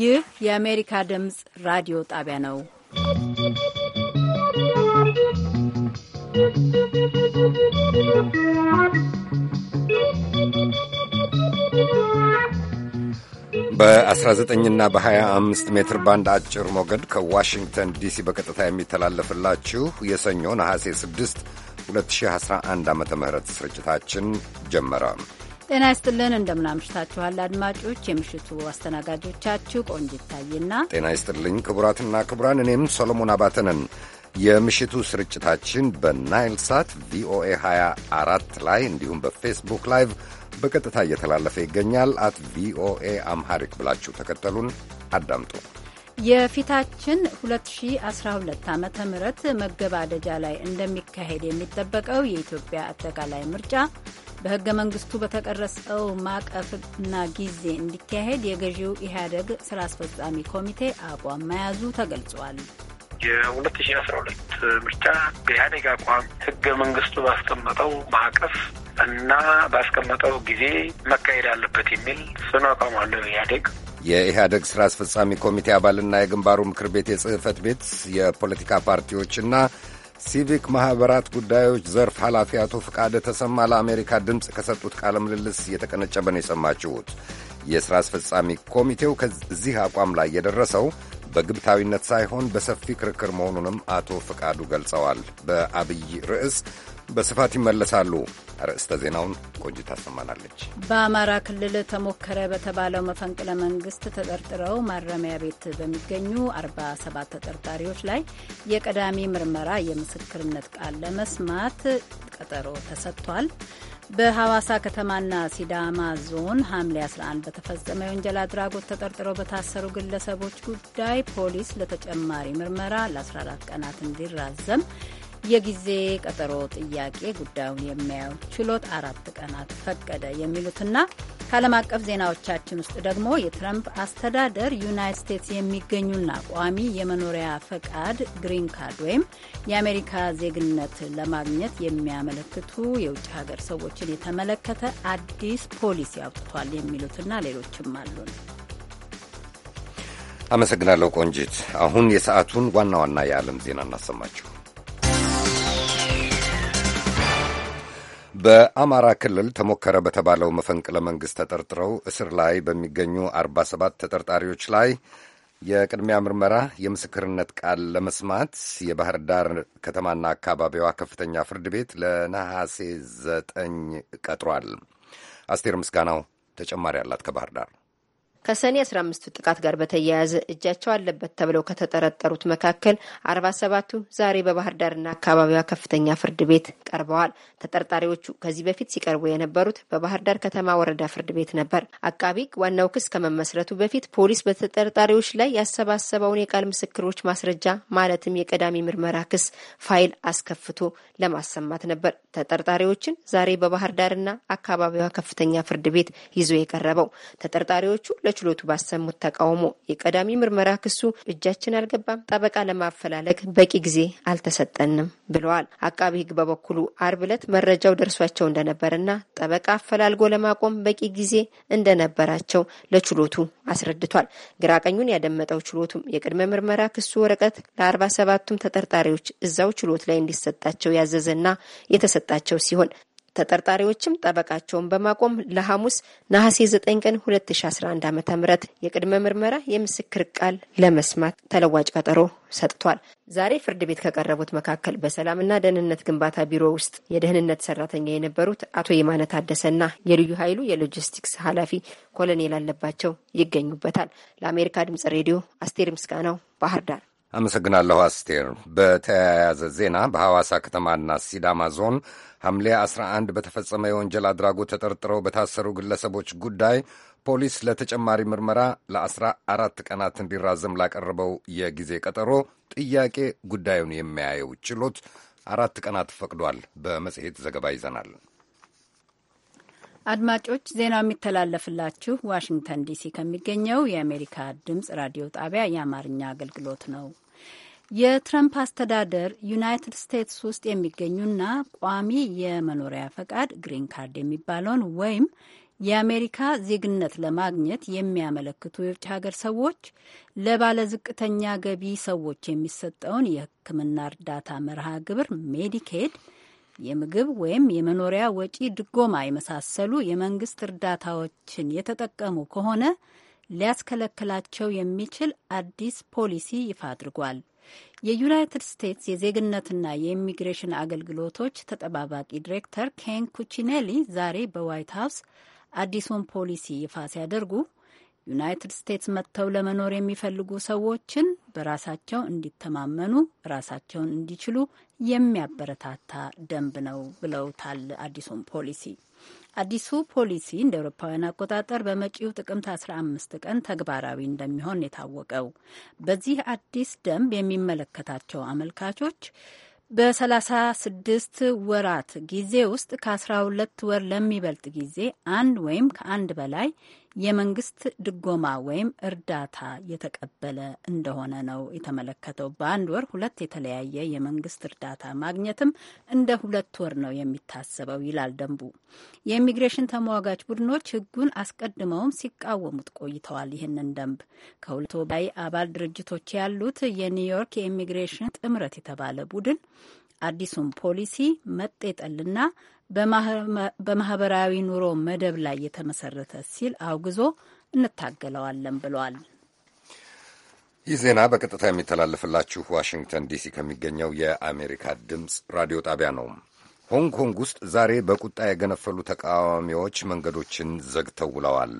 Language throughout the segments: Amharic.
ይህ የአሜሪካ ድምፅ ራዲዮ ጣቢያ ነው። በ19 እና በ25 ሜትር ባንድ አጭር ሞገድ ከዋሽንግተን ዲሲ በቀጥታ የሚተላለፍላችሁ የሰኞ ነሐሴ 6 2011 ዓ ም ስርጭታችን ጀመረ። ጤና ይስጥልን እንደምናምሽታችኋል አድማጮች። የምሽቱ አስተናጋጆቻችሁ ቆንጅ ይታይና ጤና ይስጥልኝ ክቡራትና ክቡራን፣ እኔም ሰሎሞን አባተነን። የምሽቱ ስርጭታችን በናይል ሳት ቪኦኤ 24 ላይ እንዲሁም በፌስቡክ ላይቭ በቀጥታ እየተላለፈ ይገኛል። አት ቪኦኤ አምሃሪክ ብላችሁ ተከተሉን አዳምጡ። የፊታችን 2012 ዓ ም መገባደጃ ላይ እንደሚካሄድ የሚጠበቀው የኢትዮጵያ አጠቃላይ ምርጫ በህገ መንግስቱ በተቀረጸው ማዕቀፍና ጊዜ እንዲካሄድ የገዢው ኢህአደግ ስራ አስፈጻሚ ኮሚቴ አቋም መያዙ ተገልጿል። የሁለት ሺ አስራ ሁለት ምርጫ በኢህአዴግ አቋም ህገ መንግስቱ ባስቀመጠው ማዕቀፍ እና ባስቀመጠው ጊዜ መካሄድ አለበት የሚል ጽኑ አቋም አለው ኢህአዴግ። የኢህአደግ ሥራ አስፈጻሚ ኮሚቴ አባልና የግንባሩ ምክር ቤት የጽህፈት ቤት የፖለቲካ ፓርቲዎችና ሲቪክ ማኅበራት ጉዳዮች ዘርፍ ኃላፊ አቶ ፍቃድ ተሰማ ለአሜሪካ ድምፅ ከሰጡት ቃለ ምልልስ የተቀነጨበ ነው የሰማችሁት። የሥራ አስፈጻሚ ኮሚቴው ከዚህ አቋም ላይ የደረሰው በግብታዊነት ሳይሆን በሰፊ ክርክር መሆኑንም አቶ ፍቃዱ ገልጸዋል። በአብይ ርዕስ በስፋት ይመለሳሉ። አርዕስተ ዜናውን ቆንጅት ታሰማናለች። በአማራ ክልል ተሞከረ በተባለው መፈንቅለ መንግስት ተጠርጥረው ማረሚያ ቤት በሚገኙ 47 ተጠርጣሪዎች ላይ የቀዳሚ ምርመራ የምስክርነት ቃል ለመስማት ቀጠሮ ተሰጥቷል። በሐዋሳ ከተማና ሲዳማ ዞን ሐምሌ 11 በተፈጸመ የወንጀል አድራጎት ተጠርጥረው በታሰሩ ግለሰቦች ጉዳይ ፖሊስ ለተጨማሪ ምርመራ ለ14 ቀናት እንዲራዘም የጊዜ ቀጠሮ ጥያቄ ጉዳዩን የሚያየው ችሎት አራት ቀናት ፈቀደ የሚሉትና ከዓለም አቀፍ ዜናዎቻችን ውስጥ ደግሞ የትረምፕ አስተዳደር ዩናይት ስቴትስ የሚገኙና ቋሚ የመኖሪያ ፈቃድ ግሪን ካርድ ወይም የአሜሪካ ዜግነት ለማግኘት የሚያመለክቱ የውጭ ሀገር ሰዎችን የተመለከተ አዲስ ፖሊሲ አውጥቷል የሚሉትና ሌሎችም አሉን። አመሰግናለሁ ቆንጂት። አሁን የሰዓቱን ዋና ዋና የዓለም ዜና እናሰማችሁ። በአማራ ክልል ተሞከረ በተባለው መፈንቅለ መንግሥት ተጠርጥረው እስር ላይ በሚገኙ 47 ተጠርጣሪዎች ላይ የቅድሚያ ምርመራ የምስክርነት ቃል ለመስማት የባህር ዳር ከተማና አካባቢዋ ከፍተኛ ፍርድ ቤት ለነሐሴ ዘጠኝ ቀጥሯል። አስቴር ምስጋናው ተጨማሪ አላት ከባህር ዳር ከሰኔ 15 ጥቃት ጋር በተያያዘ እጃቸው አለበት ተብለው ከተጠረጠሩት መካከል 47ቱ ዛሬ በባህር ዳርና አካባቢዋ ከፍተኛ ፍርድ ቤት ቀርበዋል። ተጠርጣሪዎቹ ከዚህ በፊት ሲቀርቡ የነበሩት በባህር ዳር ከተማ ወረዳ ፍርድ ቤት ነበር። አቃቢ ሕግ ዋናው ክስ ከመመስረቱ በፊት ፖሊስ በተጠርጣሪዎች ላይ ያሰባሰበውን የቃል ምስክሮች ማስረጃ ማለትም የቀዳሚ ምርመራ ክስ ፋይል አስከፍቶ ለማሰማት ነበር። ተጠርጣሪዎችን ዛሬ በባህር ዳርና አካባቢዋ ከፍተኛ ፍርድ ቤት ይዞ የቀረበው ተጠርጣሪዎቹ ለችሎቱ ባሰሙት ተቃውሞ የቀዳሚ ምርመራ ክሱ እጃችን አልገባም፣ ጠበቃ ለማፈላለግ በቂ ጊዜ አልተሰጠንም ብለዋል። አቃቢ ሕግ በበኩሉ አርብ ዕለት መረጃው ደርሷቸው እንደነበረና ጠበቃ አፈላልጎ ለማቆም በቂ ጊዜ እንደነበራቸው ለችሎቱ አስረድቷል። ግራ ቀኙን ያደመጠው ችሎቱም የቅድመ ምርመራ ክሱ ወረቀት ለአርባ ሰባቱም ተጠርጣሪዎች እዛው ችሎት ላይ እንዲሰጣቸው ያዘዘና የተሰጣቸው ሲሆን ተጠርጣሪዎችም ጠበቃቸውን በማቆም ለሐሙስ ነሐሴ 9 ቀን 2011 ዓ.ም የቅድመ ምርመራ የምስክር ቃል ለመስማት ተለዋጭ ቀጠሮ ሰጥቷል። ዛሬ ፍርድ ቤት ከቀረቡት መካከል በሰላምና ደህንነት ግንባታ ቢሮ ውስጥ የደህንነት ሰራተኛ የነበሩት አቶ የማነ ታደሰና የልዩ ኃይሉ የሎጂስቲክስ ኃላፊ ኮሎኔል አለባቸው ይገኙበታል። ለአሜሪካ ድምጽ ሬዲዮ አስቴር ምስጋናው ባህር ዳር አመሰግናለሁ አስቴር። በተያያዘ ዜና በሐዋሳ ከተማና ሲዳማ ዞን ሐምሌ 11 በተፈጸመ የወንጀል አድራጎት ተጠርጥረው በታሰሩ ግለሰቦች ጉዳይ ፖሊስ ለተጨማሪ ምርመራ ለ14 ቀናት እንዲራዘም ላቀረበው የጊዜ ቀጠሮ ጥያቄ ጉዳዩን የሚያየው ችሎት አራት ቀናት ፈቅዷል። በመጽሔት ዘገባ ይዘናል። አድማጮች ዜናው የሚተላለፍላችሁ ዋሽንግተን ዲሲ ከሚገኘው የአሜሪካ ድምፅ ራዲዮ ጣቢያ የአማርኛ አገልግሎት ነው። የትረምፕ አስተዳደር ዩናይትድ ስቴትስ ውስጥ የሚገኙና ቋሚ የመኖሪያ ፈቃድ ግሪን ካርድ የሚባለውን ወይም የአሜሪካ ዜግነት ለማግኘት የሚያመለክቱ የውጭ ሀገር ሰዎች ለባለዝቅተኛ ገቢ ሰዎች የሚሰጠውን የሕክምና እርዳታ መርሃ ግብር ሜዲኬድ፣ የምግብ ወይም የመኖሪያ ወጪ ድጎማ የመሳሰሉ የመንግስት እርዳታዎችን የተጠቀሙ ከሆነ ሊያስከለክላቸው የሚችል አዲስ ፖሊሲ ይፋ አድርጓል። የዩናይትድ ስቴትስ የዜግነትና የኢሚግሬሽን አገልግሎቶች ተጠባባቂ ዲሬክተር ኬን ኩቺኔሊ ዛሬ በዋይት ሀውስ አዲሱን ፖሊሲ ይፋ ሲያደርጉ ዩናይትድ ስቴትስ መጥተው ለመኖር የሚፈልጉ ሰዎችን በራሳቸው እንዲተማመኑ ራሳቸውን እንዲችሉ የሚያበረታታ ደንብ ነው ብለውታል አዲሱን ፖሊሲ። አዲሱ ፖሊሲ እንደ ኤውሮፓውያን አቆጣጠር በመጪው ጥቅምት 15 ቀን ተግባራዊ እንደሚሆን የታወቀው በዚህ አዲስ ደንብ የሚመለከታቸው አመልካቾች በ36 ወራት ጊዜ ውስጥ ከ12 ወር ለሚበልጥ ጊዜ አንድ ወይም ከአንድ በላይ የመንግስት ድጎማ ወይም እርዳታ የተቀበለ እንደሆነ ነው የተመለከተው። በአንድ ወር ሁለት የተለያየ የመንግስት እርዳታ ማግኘትም እንደ ሁለት ወር ነው የሚታሰበው ይላል ደንቡ። የኢሚግሬሽን ተሟጋች ቡድኖች ህጉን አስቀድመውም ሲቃወሙት ቆይተዋል። ይህንን ደንብ ከሁለት በላይ አባል ድርጅቶች ያሉት የኒውዮርክ የኢሚግሬሽን ጥምረት የተባለ ቡድን አዲሱን ፖሊሲ መጤጠልና በማህበራዊ ኑሮ መደብ ላይ የተመሰረተ ሲል አውግዞ እንታገለዋለን ብሏል። ይህ ዜና በቀጥታ የሚተላለፍላችሁ ዋሽንግተን ዲሲ ከሚገኘው የአሜሪካ ድምፅ ራዲዮ ጣቢያ ነው። ሆንግ ኮንግ ውስጥ ዛሬ በቁጣ የገነፈሉ ተቃዋሚዎች መንገዶችን ዘግተው ውለዋል።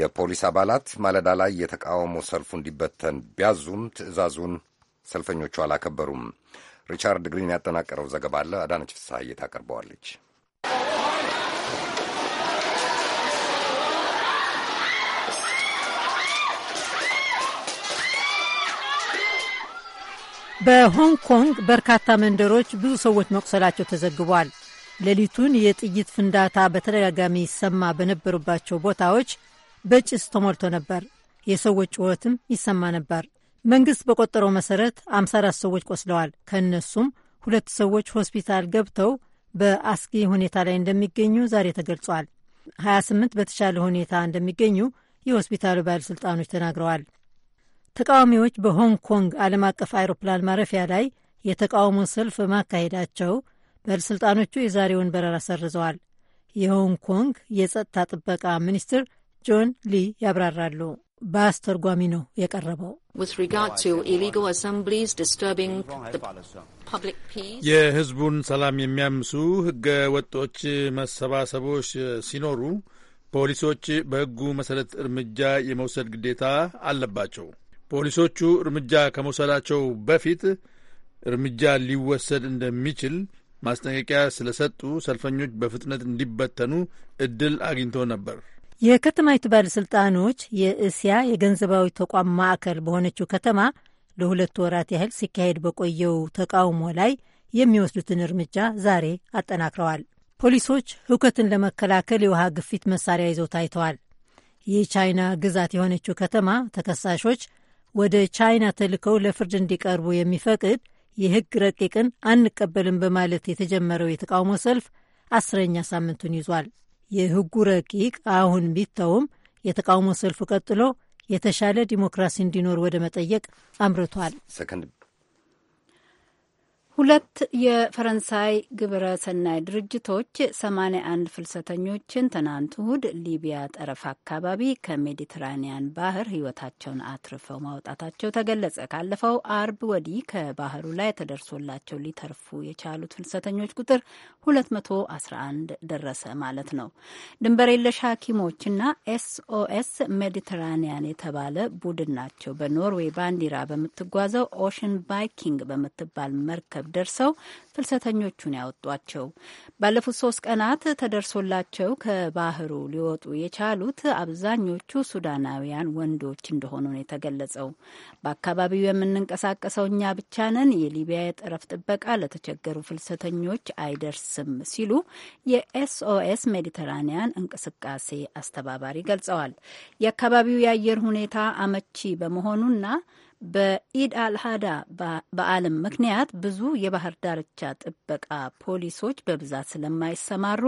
የፖሊስ አባላት ማለዳ ላይ የተቃውሞ ሰልፉ እንዲበተን ቢያዙም ትዕዛዙን ሰልፈኞቹ አላከበሩም። ሪቻርድ ግሪን ያጠናቀረው ዘገባ አለ። አዳነች ፍስሐዬ ታቀርበዋለች። በሆንግ ኮንግ በርካታ መንደሮች ብዙ ሰዎች መቁሰላቸው ተዘግቧል። ሌሊቱን የጥይት ፍንዳታ በተደጋጋሚ ይሰማ በነበሩባቸው ቦታዎች በጭስ ተሞልቶ ነበር። የሰዎች ጩኸትም ይሰማ ነበር። መንግስት በቆጠረው መሰረት 54 ሰዎች ቆስለዋል። ከእነሱም ሁለት ሰዎች ሆስፒታል ገብተው በአስጊ ሁኔታ ላይ እንደሚገኙ ዛሬ ተገልጿል። 28 በተሻለ ሁኔታ እንደሚገኙ የሆስፒታሉ ባለሥልጣኖች ተናግረዋል። ተቃዋሚዎች በሆንግ ኮንግ ዓለም አቀፍ አይሮፕላን ማረፊያ ላይ የተቃውሞ ሰልፍ ማካሄዳቸው ባለሥልጣኖቹ የዛሬውን በረራ ሰርዘዋል። የሆንግ ኮንግ የጸጥታ ጥበቃ ሚኒስትር ጆን ሊ ያብራራሉ። በአስተርጓሚ ነው የቀረበው። የህዝቡን ሰላም የሚያምሱ ህገ ወጦች መሰባሰቦች ሲኖሩ ፖሊሶች በህጉ መሠረት እርምጃ የመውሰድ ግዴታ አለባቸው። ፖሊሶቹ እርምጃ ከመውሰዳቸው በፊት እርምጃ ሊወሰድ እንደሚችል ማስጠንቀቂያ ስለሰጡ ሰልፈኞች በፍጥነት እንዲበተኑ እድል አግኝቶ ነበር። የከተማይቱ ባለሥልጣኖች የእስያ የገንዘባዊ ተቋም ማዕከል በሆነችው ከተማ ለሁለት ወራት ያህል ሲካሄድ በቆየው ተቃውሞ ላይ የሚወስዱትን እርምጃ ዛሬ አጠናክረዋል። ፖሊሶች ሁከትን ለመከላከል የውሃ ግፊት መሳሪያ ይዘው ታይተዋል። የቻይና ግዛት የሆነችው ከተማ ተከሳሾች ወደ ቻይና ተልከው ለፍርድ እንዲቀርቡ የሚፈቅድ የሕግ ረቂቅን አንቀበልም በማለት የተጀመረው የተቃውሞ ሰልፍ አስረኛ ሳምንቱን ይዟል። የህጉ ረቂቅ አሁን ቢተውም የተቃውሞ ሰልፉ ቀጥሎ የተሻለ ዲሞክራሲ እንዲኖር ወደ መጠየቅ አምርቷል። ሁለት የፈረንሳይ ግብረ ሰናይ ድርጅቶች 81 ፍልሰተኞችን ትናንት እሁድ ሊቢያ ጠረፍ አካባቢ ከሜዲትራኒያን ባህር ሕይወታቸውን አትርፈው ማውጣታቸው ተገለጸ። ካለፈው አርብ ወዲህ ከባህሩ ላይ ተደርሶላቸው ሊተርፉ የቻሉት ፍልሰተኞች ቁጥር 211 ደረሰ ማለት ነው። ድንበር የለሽ ሐኪሞችና ኤስኦኤስ ሜዲትራኒያን የተባለ ቡድን ናቸው። በኖርዌይ ባንዲራ በምትጓዘው ኦሽን ባይኪንግ በምትባል መርከብ ማህበረሰብ ደርሰው ፍልሰተኞቹን ያወጧቸው። ባለፉት ሶስት ቀናት ተደርሶላቸው ከባህሩ ሊወጡ የቻሉት አብዛኞቹ ሱዳናውያን ወንዶች እንደሆኑ ነው የተገለጸው። በአካባቢው የምንንቀሳቀሰው እኛ ብቻ ነን፣ የሊቢያ የጠረፍ ጥበቃ ለተቸገሩ ፍልሰተኞች አይደርስም ሲሉ የኤስኦኤስ ሜዲተራኒያን እንቅስቃሴ አስተባባሪ ገልጸዋል። የአካባቢው የአየር ሁኔታ አመቺ በመሆኑና በኢድ አልሃዳ በዓልም ምክንያት ብዙ የባህር ዳርቻ ጥበቃ ፖሊሶች በብዛት ስለማይሰማሩ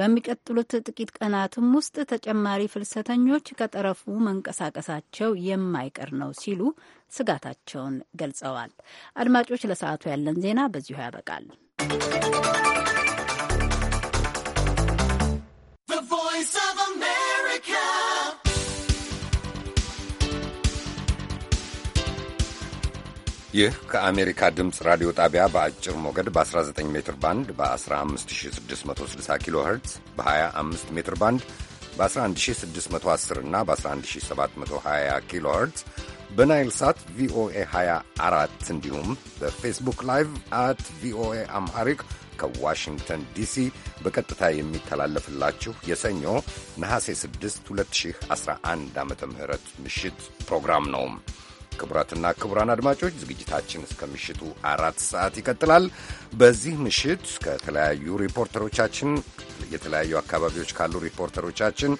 በሚቀጥሉት ጥቂት ቀናትም ውስጥ ተጨማሪ ፍልሰተኞች ከጠረፉ መንቀሳቀሳቸው የማይቀር ነው ሲሉ ስጋታቸውን ገልጸዋል። አድማጮች፣ ለሰዓቱ ያለን ዜና በዚሁ ያበቃል። ይህ ከአሜሪካ ድምፅ ራዲዮ ጣቢያ በአጭር ሞገድ በ19 ሜትር ባንድ በ15660 ኪሎ ኸርትዝ በ25 ሜትር ባንድ በ11610 እና በ11720 ኪሎ ኸርትዝ በናይል ሳት ቪኦኤ 24 እንዲሁም በፌስቡክ ላይቭ አት ቪኦኤ አምሃሪክ ከዋሽንግተን ዲሲ በቀጥታ የሚተላለፍላችሁ የሰኞ ነሐሴ 6 2011 ዓ ም ምሽት ፕሮግራም ነው። ክቡራትና ክቡራን አድማጮች ዝግጅታችን እስከ ምሽቱ አራት ሰዓት ይቀጥላል። በዚህ ምሽት ከተለያዩ ሪፖርተሮቻችን የተለያዩ አካባቢዎች ካሉ ሪፖርተሮቻችን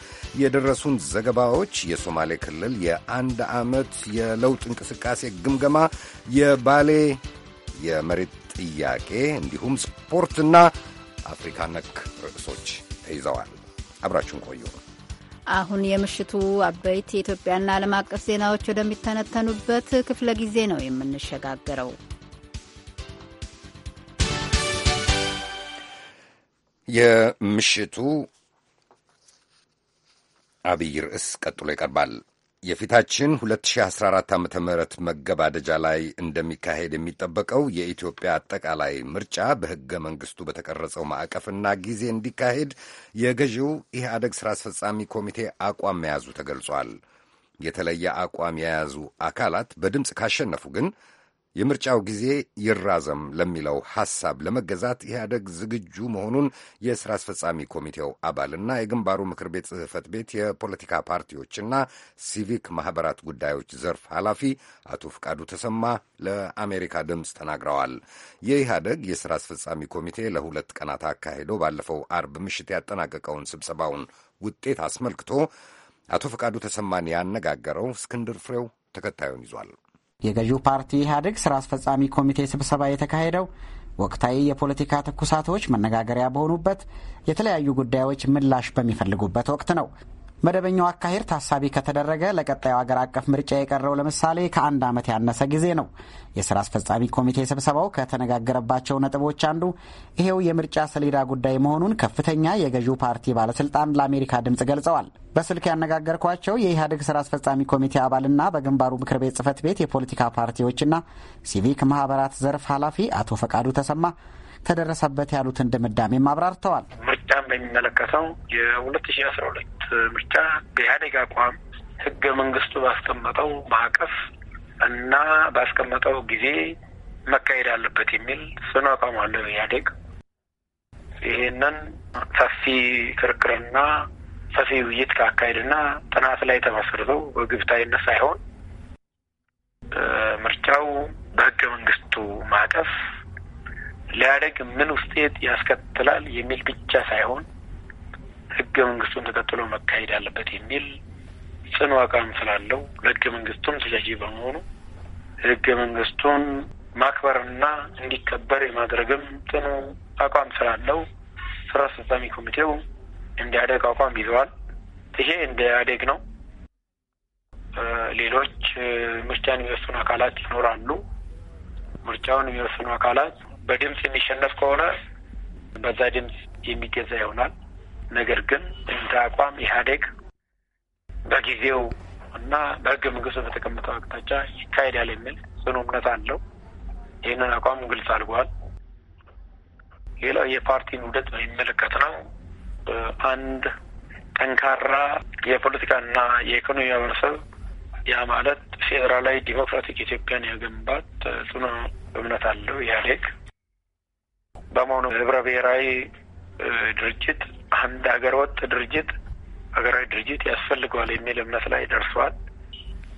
የደረሱን ዘገባዎች፣ የሶማሌ ክልል የአንድ ዓመት የለውጥ እንቅስቃሴ ግምገማ፣ የባሌ የመሬት ጥያቄ እንዲሁም ስፖርትና አፍሪካ ነክ ርዕሶች ተይዘዋል። አብራችሁን ቆዩ። አሁን የምሽቱ አበይት የኢትዮጵያና ዓለም አቀፍ ዜናዎች ወደሚተነተኑበት ክፍለ ጊዜ ነው የምንሸጋገረው። የምሽቱ አብይ ርዕስ ቀጥሎ ይቀርባል። የፊታችን 2014 ዓ ም መገባደጃ ላይ እንደሚካሄድ የሚጠበቀው የኢትዮጵያ አጠቃላይ ምርጫ በሕገ መንግሥቱ በተቀረጸው ማዕቀፍና ጊዜ እንዲካሄድ የገዢው ኢህአደግ ሥራ አስፈጻሚ ኮሚቴ አቋም መያዙ ተገልጿል። የተለየ አቋም የያዙ አካላት በድምፅ ካሸነፉ ግን የምርጫው ጊዜ ይራዘም ለሚለው ሐሳብ ለመገዛት ኢህአደግ ዝግጁ መሆኑን የሥራ አስፈጻሚ ኮሚቴው አባልና የግንባሩ ምክር ቤት ጽሕፈት ቤት የፖለቲካ ፓርቲዎችና ሲቪክ ማኅበራት ጉዳዮች ዘርፍ ኃላፊ አቶ ፍቃዱ ተሰማ ለአሜሪካ ድምፅ ተናግረዋል። የኢህአደግ የሥራ አስፈጻሚ ኮሚቴ ለሁለት ቀናት አካሂዶ ባለፈው አርብ ምሽት ያጠናቀቀውን ስብሰባውን ውጤት አስመልክቶ አቶ ፍቃዱ ተሰማን ያነጋገረው እስክንድር ፍሬው ተከታዩን ይዟል። የገዢው ፓርቲ ኢህአዴግ ስራ አስፈጻሚ ኮሚቴ ስብሰባ የተካሄደው ወቅታዊ የፖለቲካ ትኩሳቶች መነጋገሪያ በሆኑበት የተለያዩ ጉዳዮች ምላሽ በሚፈልጉበት ወቅት ነው። መደበኛው አካሄድ ታሳቢ ከተደረገ ለቀጣዩ አገር አቀፍ ምርጫ የቀረው ለምሳሌ ከአንድ ዓመት ያነሰ ጊዜ ነው። የስራ አስፈጻሚ ኮሚቴ ስብሰባው ከተነጋገረባቸው ነጥቦች አንዱ ይሄው የምርጫ ሰሌዳ ጉዳይ መሆኑን ከፍተኛ የገዢው ፓርቲ ባለስልጣን ለአሜሪካ ድምፅ ገልጸዋል። በስልክ ያነጋገርኳቸው የኢህአዴግ ስራ አስፈጻሚ ኮሚቴ አባልና በግንባሩ ምክር ቤት ጽህፈት ቤት የፖለቲካ ፓርቲዎችና ሲቪክ ማህበራት ዘርፍ ኃላፊ አቶ ፈቃዱ ተሰማ ተደረሰበት ያሉትን ድምዳሜም አብራርተዋል። ምርጫን በሚመለከተው የሁለት ሺ አስራ ሁለት ምርጫ በኢህአዴግ አቋም ህገ መንግስቱ ባስቀመጠው ማዕቀፍ እና ባስቀመጠው ጊዜ መካሄድ አለበት የሚል ጽኑ አቋም አለው ኢህአዴግ። ይህንን ሰፊ ክርክርና ሰፊ ውይይት ካካሄድና ጥናት ላይ ተመስርተው በግብታዊነት ሳይሆን ምርጫው በህገ መንግስቱ ማዕቀፍ ሊያደግ ምን ውጤት ያስከትላል የሚል ብቻ ሳይሆን ህገ መንግስቱን ተከትሎ መካሄድ አለበት የሚል ጽኑ አቋም ስላለው ለህገ መንግስቱም ተሻሺ በመሆኑ ህገ መንግስቱን ማክበርና እንዲከበር የማድረግም ጽኑ አቋም ስላለው ስራ አስፈጻሚ ኮሚቴው እንዲያደግ አቋም ይዘዋል። ይሄ እንዲያደግ ነው። ሌሎች ምርጫን የሚወስኑ አካላት ይኖራሉ። ምርጫውን የሚወስኑ አካላት በድምፅ የሚሸነፍ ከሆነ በዛ ድምፅ የሚገዛ ይሆናል። ነገር ግን እንደ አቋም ኢህአዴግ በጊዜው እና በህገ መንግስቱ በተቀመጠው አቅጣጫ ይካሄዳል የሚል ጽኑ እምነት አለው። ይህንን አቋም ግልጽ አድርጓል። ሌላው የፓርቲን ውህደት በሚመለከት ነው። አንድ ጠንካራ የፖለቲካና የኢኮኖሚ ማህበረሰብ ያ ማለት ፌዴራላዊ ዲሞክራቲክ ኢትዮጵያን ያገንባት ጽኑ እምነት አለው ኢህአዴግ። በመሆኑ ህብረ ብሔራዊ ድርጅት አንድ ሀገር ወጥ ድርጅት ሀገራዊ ድርጅት ያስፈልገዋል የሚል እምነት ላይ ደርሰዋል።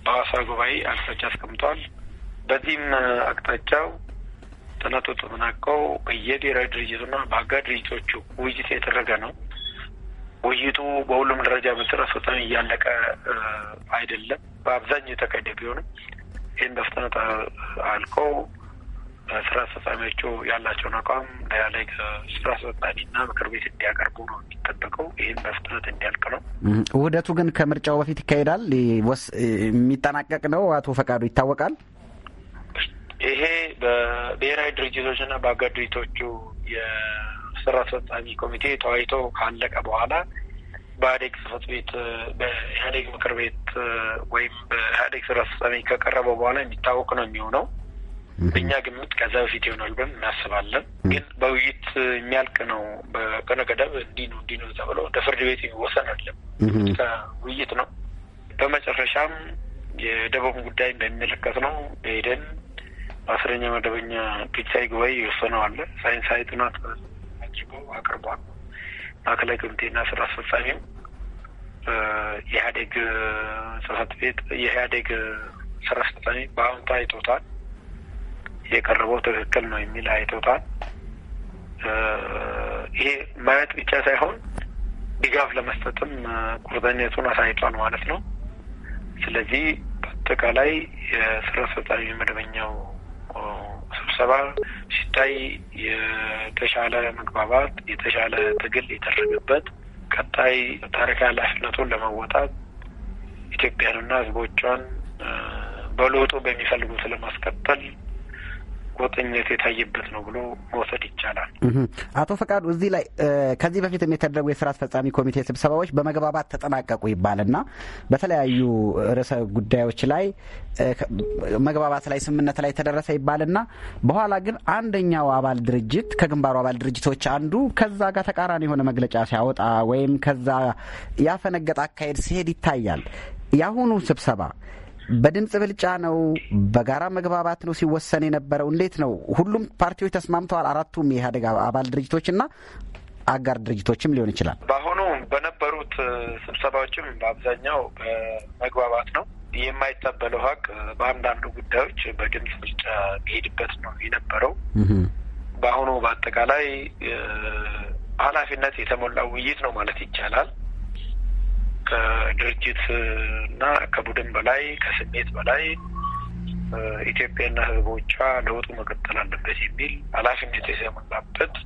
በአዋሳ ጉባኤ አቅጣጫ አስቀምጧል። በዚህም አቅጣጫው ጥናቱ ተጠናቆ በየብሔራዊ ድርጅቱና በአጋር ድርጅቶቹ ውይይት የተደረገ ነው። ውይይቱ በሁሉም ደረጃ መሰረት በጣም እያለቀ አይደለም፣ በአብዛኛው የተካሄደ ቢሆንም ይህም በፍጥነት አልቀው ስራ አስፈጻሚዎቹ ያላቸውን አቋም ለኢህአዴግ ስራ አስፈጻሚና ምክር ቤት እንዲያቀርቡ ነው የሚጠበቀው። ይህም በፍጥነት እንዲያልቅ ነው። ውህደቱ ግን ከምርጫው በፊት ይካሄዳል የሚጠናቀቅ ነው። አቶ ፈቃዱ ይታወቃል። ይሄ በብሔራዊ ድርጅቶችና በአጋር ድርጅቶቹ የስራ አስፈጻሚ ኮሚቴ ተዋይቶ ካለቀ በኋላ በኢህአዴግ ጽህፈት ቤት በኢህአዴግ ምክር ቤት ወይም በኢህአዴግ ስራ አስፈጻሚ ከቀረበ በኋላ የሚታወቅ ነው የሚሆነው በእኛ ግምት ከዛ በፊት ይሆናል ብለን እናስባለን። ግን በውይይት የሚያልቅ ነው። በቀነ ገደብ እንዲህ ነው እንዲህ ነው ተብሎ ወደ ፍርድ ቤት የሚወሰን አለም ውይይት ነው። በመጨረሻም የደቡብ ጉዳይ እንደሚመለከት ነው ሄደን በአስረኛ መደበኛ ፒቻይ ጉባኤ ይወሰነዋል። ሳይንሳዊ ጥናት አድርጎ አቅርቧል። ማዕከላዊ ኮሚቴና ስራ አስፈጻሚም የኢህአዴግ ጽህፈት ቤት የኢህአዴግ ስራ አስፈጻሚ በአሁንታ አይቶታል። የቀረበው ትክክል ነው የሚል አይቶታል። ይሄ ማየት ብቻ ሳይሆን ድጋፍ ለመስጠትም ቁርጠኝነቱን አሳይቷል ማለት ነው። ስለዚህ በአጠቃላይ የስራ አስፈጻሚ መደበኛው ስብሰባ ሲታይ የተሻለ መግባባት፣ የተሻለ ትግል የተደረገበት ቀጣይ ታሪካዊ ኃላፊነቱን ለመወጣት ኢትዮጵያንና ሕዝቦቿን በለውጡ በሚፈልጉት ለማስቀጠል ጎጠኝነት የታየበት ነው ብሎ መውሰድ ይቻላል። አቶ ፈቃዱ፣ እዚህ ላይ ከዚህ በፊትም የተደረጉ የስራ አስፈጻሚ ኮሚቴ ስብሰባዎች በመግባባት ተጠናቀቁ ይባልና በተለያዩ ርዕሰ ጉዳዮች ላይ መግባባት ላይ ስምምነት ላይ ተደረሰ ይባልና በኋላ ግን አንደኛው አባል ድርጅት ከግንባሩ አባል ድርጅቶች አንዱ ከዛ ጋር ተቃራኒ የሆነ መግለጫ ሲያወጣ ወይም ከዛ ያፈነገጠ አካሄድ ሲሄድ ይታያል። የአሁኑ ስብሰባ በድምፅ ብልጫ ነው በጋራ መግባባት ነው ሲወሰን የነበረው? እንዴት ነው? ሁሉም ፓርቲዎች ተስማምተዋል። አራቱም የኢህአዴግ አባል ድርጅቶች እና አጋር ድርጅቶችም ሊሆን ይችላል። በአሁኑ በነበሩት ስብሰባዎችም በአብዛኛው መግባባት ነው። የማይታበለው ሀቅ በአንዳንዱ ጉዳዮች በድምፅ ብልጫ የሚሄድበት ነው የነበረው። በአሁኑ በአጠቃላይ ኃላፊነት የተሞላው ውይይት ነው ማለት ይቻላል። ከድርጅት እና ከቡድን በላይ ከስሜት በላይ ኢትዮጵያና ሕዝቦቿ ለውጡ መቀጠል አለበት የሚል ኃላፊነት የተሞላበት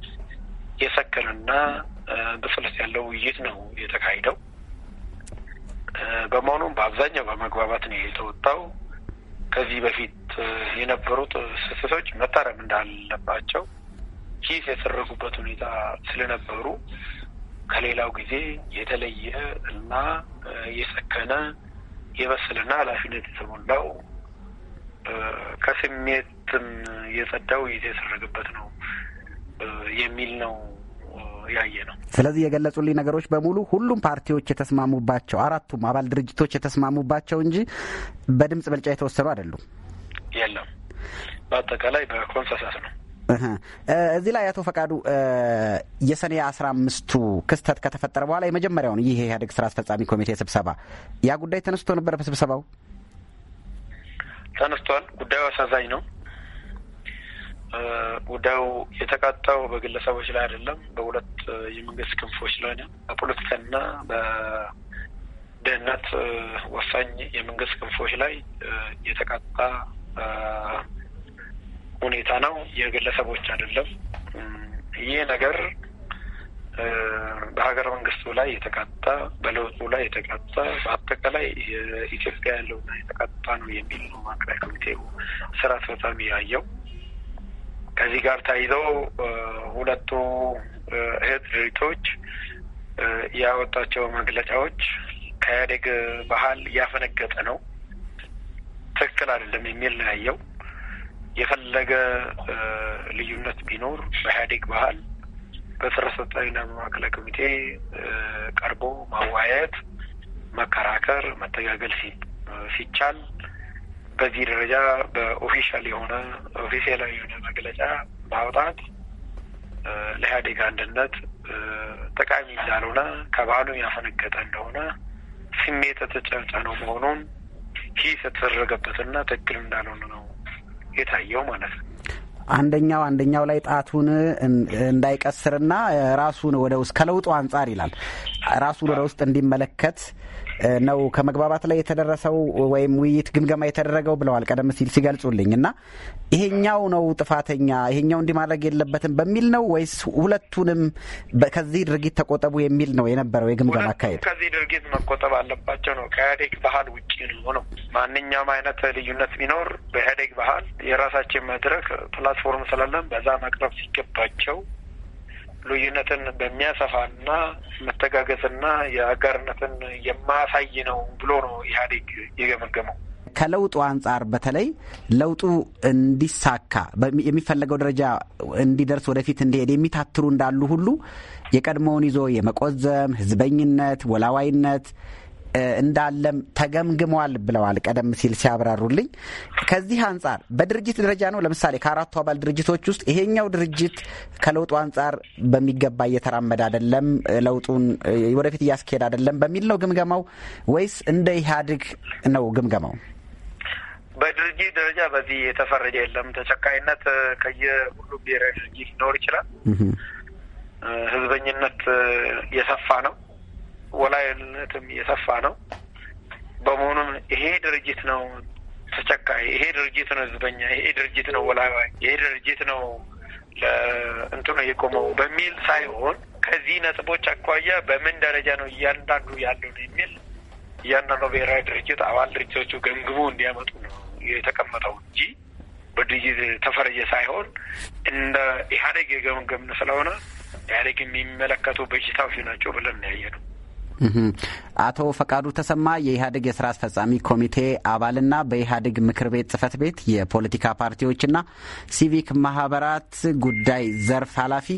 የሰከነና ብስለት ያለው ውይይት ነው የተካሄደው። በመሆኑም በአብዛኛው በመግባባት ነው የተወጣው። ከዚህ በፊት የነበሩት ስህተቶች መታረም እንዳለባቸው ኪስ የሰረጉበት ሁኔታ ስለነበሩ ከሌላው ጊዜ የተለየ እና የሰከነ የበሰለና ኃላፊነት የተሞላው ከስሜትም የጸዳው የተሰረገበት ነው የሚል ነው ያየ ነው። ስለዚህ የገለጹልኝ ነገሮች በሙሉ ሁሉም ፓርቲዎች የተስማሙባቸው አራቱም አባል ድርጅቶች የተስማሙባቸው እንጂ በድምጽ ብልጫ የተወሰኑ አይደሉም። የለም፣ በአጠቃላይ በኮንሰንሰስ ነው። እዚህ ላይ አቶ ፈቃዱ የሰኔ አስራ አምስቱ ክስተት ከተፈጠረ በኋላ የመጀመሪያውን ይህ የኢህአዴግ ስራ አስፈጻሚ ኮሚቴ ስብሰባ ያ ጉዳይ ተነስቶ ነበረ። በስብሰባው ተነስቷል። ጉዳዩ አሳዛኝ ነው። ጉዳዩ የተቃጣው በግለሰቦች ላይ አይደለም፣ በሁለት የመንግስት ክንፎች ላይ ነው። በፖለቲካና በደህንነት ወሳኝ የመንግስት ክንፎች ላይ የተቃጣ ሁኔታ ነው፣ የግለሰቦች አይደለም። ይህ ነገር በሀገር መንግስቱ ላይ የተቃጣ በለውጡ ላይ የተቃጣ በአጠቃላይ የኢትዮጵያ ያለው የተቃጣ ነው የሚል ነው ማዕከላዊ ኮሚቴው ስራ አስፈጻሚ ያየው። ከዚህ ጋር ተያይዘው ሁለቱ እህት ድርጅቶች ያወጣቸው መግለጫዎች ከኢህአዴግ ባህል እያፈነገጠ ነው፣ ትክክል አይደለም የሚል ነው ያየው። የፈለገ ልዩነት ቢኖር በኢህአዴግ ባህል በስራ አስፈጻሚና በማዕከላዊ ኮሚቴ ቀርቦ ማወያየት፣ መከራከር፣ መተጋገል ሲቻል በዚህ ደረጃ በኦፊሻል የሆነ ኦፊሴላዊ የሆነ መግለጫ ማውጣት ለኢህአዴግ አንድነት ጠቃሚ እንዳልሆነ ከባህሉ ያፈነገጠ እንደሆነ ስሜት ነው መሆኑን ሂስ የተደረገበትና ትክክል እንዳልሆነ ነው የታየው ማለት ነው። አንደኛው አንደኛው ላይ ጣቱን እንዳይቀስርና ራሱን ወደ ውስጥ ከለውጡ አንጻር ይላል ራሱን ወደ ውስጥ እንዲመለከት ነው ከመግባባት ላይ የተደረሰው ወይም ውይይት ግምገማ የተደረገው ብለዋል ቀደም ሲል ሲገልጹልኝ እና ይሄኛው ነው ጥፋተኛ ይሄኛው እንዲህ ማድረግ የለበትም በሚል ነው ወይስ ሁለቱንም ከዚህ ድርጊት ተቆጠቡ የሚል ነው የነበረው የግምገማ አካሄድ? ከዚህ ድርጊት መቆጠብ አለባቸው ነው። ከኢህአዴግ ባህል ውጭ ነው ነው ማንኛውም አይነት ልዩነት ቢኖር በኢህአዴግ ባህል የራሳችን መድረክ ፕላትፎርም ስላለን በዛ መቅረብ ሲገባቸው ልዩነትን በሚያሰፋና መተጋገዝና የአጋርነትን የማያሳይ ነው ብሎ ነው ኢህአዴግ የገመገመው። ከለውጡ አንጻር በተለይ ለውጡ እንዲሳካ የሚፈለገው ደረጃ እንዲደርስ ወደፊት እንዲሄድ የሚታትሩ እንዳሉ ሁሉ የቀድሞውን ይዞ የመቆዘም ህዝበኝነት፣ ወላዋይነት እንዳለም ተገምግሟል ብለዋል። ቀደም ሲል ሲያብራሩልኝ ከዚህ አንጻር በድርጅት ደረጃ ነው። ለምሳሌ ከአራቱ አባል ድርጅቶች ውስጥ ይሄኛው ድርጅት ከለውጡ አንጻር በሚገባ እየተራመደ አይደለም፣ ለውጡን ወደፊት እያስኬድ አይደለም በሚል ነው ግምገማው ወይስ እንደ ኢህአዴግ ነው ግምገማው? በድርጅት ደረጃ በዚህ የተፈረጀ የለም። ተቸካይነት ከየሁሉም ብሔራዊ ድርጅት ሊኖር ይችላል። ህዝበኝነት የሰፋ ነው። ወላይነትም እየሰፋ ነው። በመሆኑም ይሄ ድርጅት ነው ተቸካይ፣ ይሄ ድርጅት ነው ህዝበኛ፣ ይሄ ድርጅት ነው ወላዋይ፣ ይሄ ድርጅት ነው ለእንትኑ የቆመው በሚል ሳይሆን ከዚህ ነጥቦች አኳያ በምን ደረጃ ነው እያንዳንዱ ያለው ነው የሚል እያንዳንዱ ብሔራዊ ድርጅት አባል ድርጅቶቹ ገምግሞ እንዲያመጡ ነው የተቀመጠው እንጂ በድርጅት ተፈረጀ ሳይሆን እንደ ኢህአዴግ የገመገምን ስለሆነ ኢህአዴግ የሚመለከቱ በሽታዎች ናቸው ብለን ያየ ነው። አቶ ፈቃዱ ተሰማ የኢህአዴግ የስራ አስፈጻሚ ኮሚቴ አባልና በኢህአዴግ ምክር ቤት ጽህፈት ቤት የፖለቲካ ፓርቲዎችና ሲቪክ ማህበራት ጉዳይ ዘርፍ ኃላፊ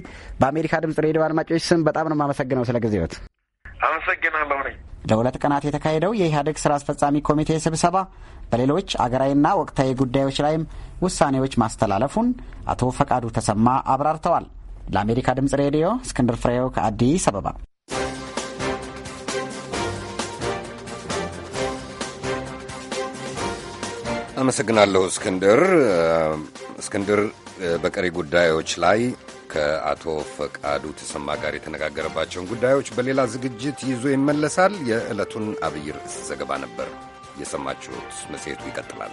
በአሜሪካ ድምጽ ሬዲዮ አድማጮች ስም በጣም ነው የማመሰግነው ስለ ጊዜዎት። አመሰግናለሁ። ለሁለት ቀናት የተካሄደው የኢህአዴግ ስራ አስፈጻሚ ኮሚቴ ስብሰባ በሌሎች አገራዊና ወቅታዊ ጉዳዮች ላይም ውሳኔዎች ማስተላለፉን አቶ ፈቃዱ ተሰማ አብራርተዋል። ለአሜሪካ ድምጽ ሬዲዮ እስክንድር ፍሬው ከአዲስ አበባ አመሰግናለሁ እስክንድር። እስክንድር በቀሪ ጉዳዮች ላይ ከአቶ ፈቃዱ ተሰማ ጋር የተነጋገረባቸውን ጉዳዮች በሌላ ዝግጅት ይዞ ይመለሳል። የዕለቱን አብይ ርዕስ ዘገባ ነበር የሰማችሁት። መጽሔቱ ይቀጥላል።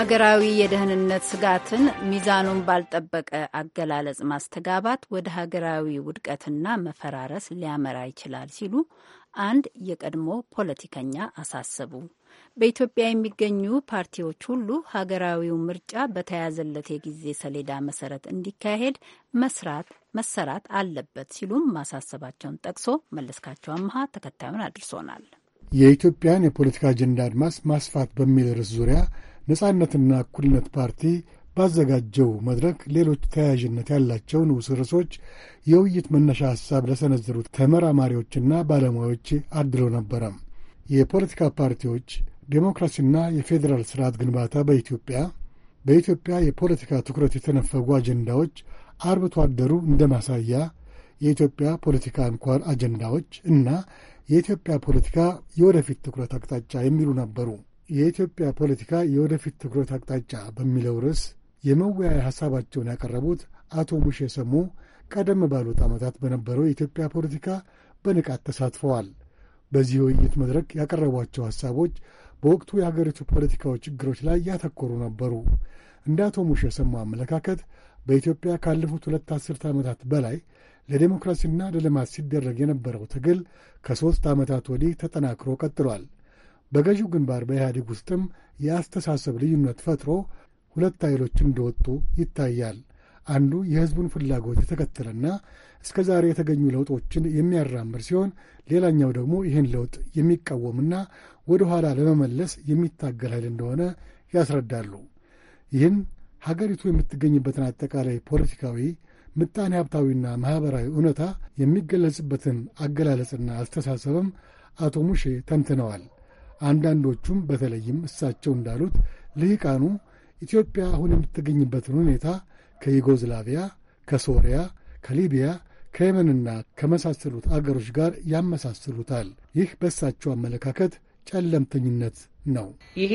አገራዊ የደህንነት ስጋትን ሚዛኑን ባልጠበቀ አገላለጽ ማስተጋባት ወደ ሀገራዊ ውድቀትና መፈራረስ ሊያመራ ይችላል ሲሉ አንድ የቀድሞ ፖለቲከኛ አሳሰቡ። በኢትዮጵያ የሚገኙ ፓርቲዎች ሁሉ ሀገራዊው ምርጫ በተያዘለት የጊዜ ሰሌዳ መሰረት እንዲካሄድ መስራት መሰራት አለበት ሲሉም ማሳሰባቸውን ጠቅሶ መለስካቸው አመሀ ተከታዩን አድርሶናል። የኢትዮጵያን የፖለቲካ አጀንዳ አድማስ ማስፋት በሚል ርዕስ ዙሪያ ነጻነትና እኩልነት ፓርቲ ባዘጋጀው መድረክ ሌሎች ተያያዥነት ያላቸው ንዑስ ርዕሶች የውይይት መነሻ ሐሳብ ለሰነዘሩት ተመራማሪዎችና ባለሙያዎች አድሎ ነበረ። የፖለቲካ ፓርቲዎች ዴሞክራሲና የፌዴራል ስርዓት ግንባታ በኢትዮጵያ በኢትዮጵያ የፖለቲካ ትኩረት የተነፈጉ አጀንዳዎች አርብቶ አደሩ እንደ ማሳያ የኢትዮጵያ ፖለቲካ አንኳር አጀንዳዎች እና የኢትዮጵያ ፖለቲካ የወደፊት ትኩረት አቅጣጫ የሚሉ ነበሩ። የኢትዮጵያ ፖለቲካ የወደፊት ትኩረት አቅጣጫ በሚለው ርዕስ የመወያያ ሐሳባቸውን ያቀረቡት አቶ ሙሼ ሰሙ ቀደም ባሉት ዓመታት በነበረው የኢትዮጵያ ፖለቲካ በንቃት ተሳትፈዋል። በዚህ ውይይት መድረክ ያቀረቧቸው ሐሳቦች በወቅቱ የሀገሪቱ ፖለቲካዊ ችግሮች ላይ ያተኮሩ ነበሩ። እንደ አቶ ሙሼ ሰሙ አመለካከት በኢትዮጵያ ካለፉት ሁለት አስርተ ዓመታት በላይ ለዴሞክራሲና ለልማት ሲደረግ የነበረው ትግል ከሦስት ዓመታት ወዲህ ተጠናክሮ ቀጥሏል። በገዢው ግንባር በኢህአዴግ ውስጥም የአስተሳሰብ ልዩነት ፈጥሮ ሁለት ኃይሎች እንደወጡ ይታያል። አንዱ የሕዝቡን ፍላጎት የተከተለና እስከ ዛሬ የተገኙ ለውጦችን የሚያራምድ ሲሆን፣ ሌላኛው ደግሞ ይህን ለውጥ የሚቃወምና ወደ ኋላ ለመመለስ የሚታገል ኃይል እንደሆነ ያስረዳሉ። ይህን ሀገሪቱ የምትገኝበትን አጠቃላይ ፖለቲካዊ ምጣኔ ሀብታዊና ማኅበራዊ እውነታ የሚገለጽበትን አገላለጽና አስተሳሰብም አቶ ሙሼ ተንትነዋል። አንዳንዶቹም በተለይም እሳቸው እንዳሉት ልሂቃኑ ኢትዮጵያ አሁን የምትገኝበትን ሁኔታ ከዩጎዝላቪያ፣ ከሶሪያ፣ ከሊቢያ፣ ከየመንና ከመሳሰሉት አገሮች ጋር ያመሳስሉታል። ይህ በእሳቸው አመለካከት ጨለምተኝነት ነው። ይሄ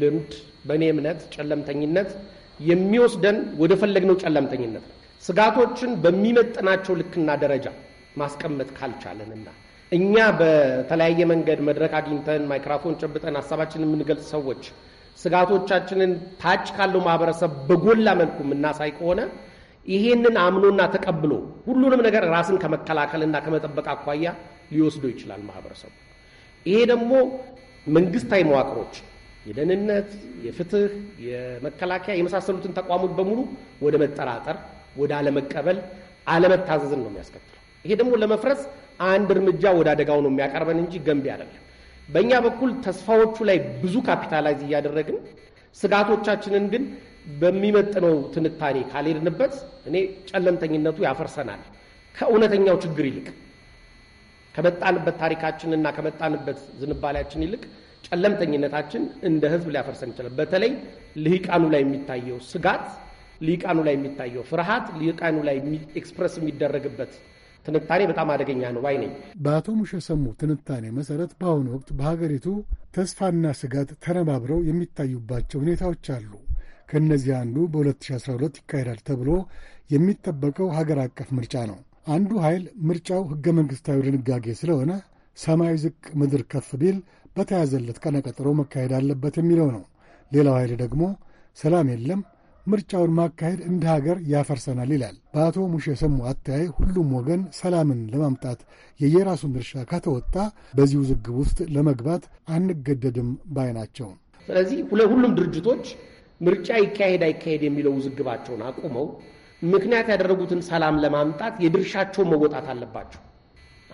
ልምድ በእኔ እምነት ጨለምተኝነት የሚወስደን ወደ ፈለግነው ጨለምተኝነት ነው። ስጋቶችን በሚመጥናቸው ልክና ደረጃ ማስቀመጥ ካልቻለንና እኛ በተለያየ መንገድ መድረክ አግኝተን ማይክራፎን ጨብጠን ሀሳባችንን የምንገልጽ ሰዎች ስጋቶቻችንን ታች ካለው ማህበረሰብ በጎላ መልኩ የምናሳይ ከሆነ ይሄንን አምኖና ተቀብሎ ሁሉንም ነገር ራስን ከመከላከልና ከመጠበቅ አኳያ ሊወስዶ ይችላል ማህበረሰቡ። ይሄ ደግሞ መንግስታዊ መዋቅሮች የደህንነት፣ የፍትህ፣ የመከላከያ የመሳሰሉትን ተቋሞች በሙሉ ወደ መጠራጠር፣ ወደ አለመቀበል፣ አለመታዘዝን ነው የሚያስከትለው። ይሄ ደግሞ ለመፍረስ አንድ እርምጃ ወደ አደጋው ነው የሚያቀርበን እንጂ ገንቢ አይደለም። በእኛ በኩል ተስፋዎቹ ላይ ብዙ ካፒታላይዝ እያደረግን ስጋቶቻችንን ግን በሚመጥነው ትንታኔ ካልሄድንበት እኔ ጨለምተኝነቱ ያፈርሰናል። ከእውነተኛው ችግር ይልቅ ከመጣንበት ታሪካችንና ከመጣንበት ዝንባሌያችን ይልቅ ጨለምተኝነታችን እንደ ሕዝብ ሊያፈርሰን ይችላል። በተለይ ልሂቃኑ ላይ የሚታየው ስጋት፣ ልሂቃኑ ላይ የሚታየው ፍርሃት፣ ልሂቃኑ ላይ ኤክስፕረስ የሚደረግበት ትንታኔ በጣም አደገኛ ነው ባይ ነኝ። በአቶ ሙሸ ሰሙ ትንታኔ መሰረት በአሁኑ ወቅት በሀገሪቱ ተስፋና ስጋት ተነባብረው የሚታዩባቸው ሁኔታዎች አሉ። ከእነዚህ አንዱ በ2012 ይካሄዳል ተብሎ የሚጠበቀው ሀገር አቀፍ ምርጫ ነው። አንዱ ኃይል ምርጫው ሕገ መንግሥታዊ ድንጋጌ ስለሆነ ሰማይ ዝቅ ምድር ከፍ ቢል በተያዘለት ቀነቀጥሮ መካሄድ አለበት የሚለው ነው። ሌላው ኃይል ደግሞ ሰላም የለም ምርጫውን ማካሄድ እንደ ሀገር ያፈርሰናል ይላል። በአቶ ሙሽ የሰሙ አተያይ ሁሉም ወገን ሰላምን ለማምጣት የየራሱን ድርሻ ከተወጣ በዚህ ውዝግብ ውስጥ ለመግባት አንገደድም ባይ ናቸው። ስለዚህ ሁሉም ድርጅቶች ምርጫ ይካሄድ አይካሄድ የሚለው ውዝግባቸውን አቁመው ምክንያት ያደረጉትን ሰላም ለማምጣት የድርሻቸውን መወጣት አለባቸው።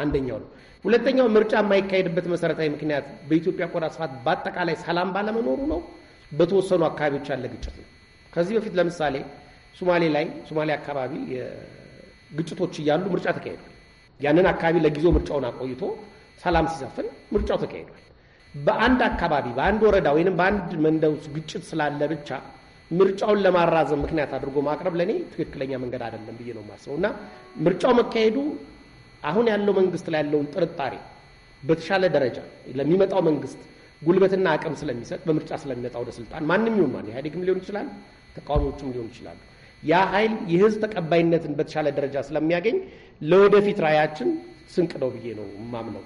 አንደኛው ነው። ሁለተኛው ምርጫ የማይካሄድበት መሰረታዊ ምክንያት በኢትዮጵያ ቆዳ ስፋት በአጠቃላይ ሰላም ባለመኖሩ ነው። በተወሰኑ አካባቢዎች ያለ ግጭት ነው። ከዚህ በፊት ለምሳሌ ሶማሌ ላይ ሶማሌ አካባቢ ግጭቶች እያሉ ምርጫ ተካሄዷል። ያንን አካባቢ ለጊዜው ምርጫውን አቆይቶ ሰላም ሲሰፍን ምርጫው ተካሄዷል። በአንድ አካባቢ በአንድ ወረዳ ወይንም በአንድ መንደር ውስጥ ግጭት ስላለ ብቻ ምርጫውን ለማራዘም ምክንያት አድርጎ ማቅረብ ለእኔ ትክክለኛ መንገድ አይደለም ብዬ ነው የማስበው እና ምርጫው መካሄዱ አሁን ያለው መንግስት ላይ ያለውን ጥርጣሬ በተሻለ ደረጃ ለሚመጣው መንግስት ጉልበትና አቅም ስለሚሰጥ በምርጫ ስለሚመጣ ወደ ስልጣን ማንም ይሁን ማን ኢህአዴግም ሊሆን ይችላል ተቃዋሚዎቹም ሊሆኑ ይችላሉ። ያ ኃይል የህዝብ ተቀባይነትን በተሻለ ደረጃ ስለሚያገኝ ለወደፊት ራዕያችን ስንቅ ነው ብዬ ነው የማምነው።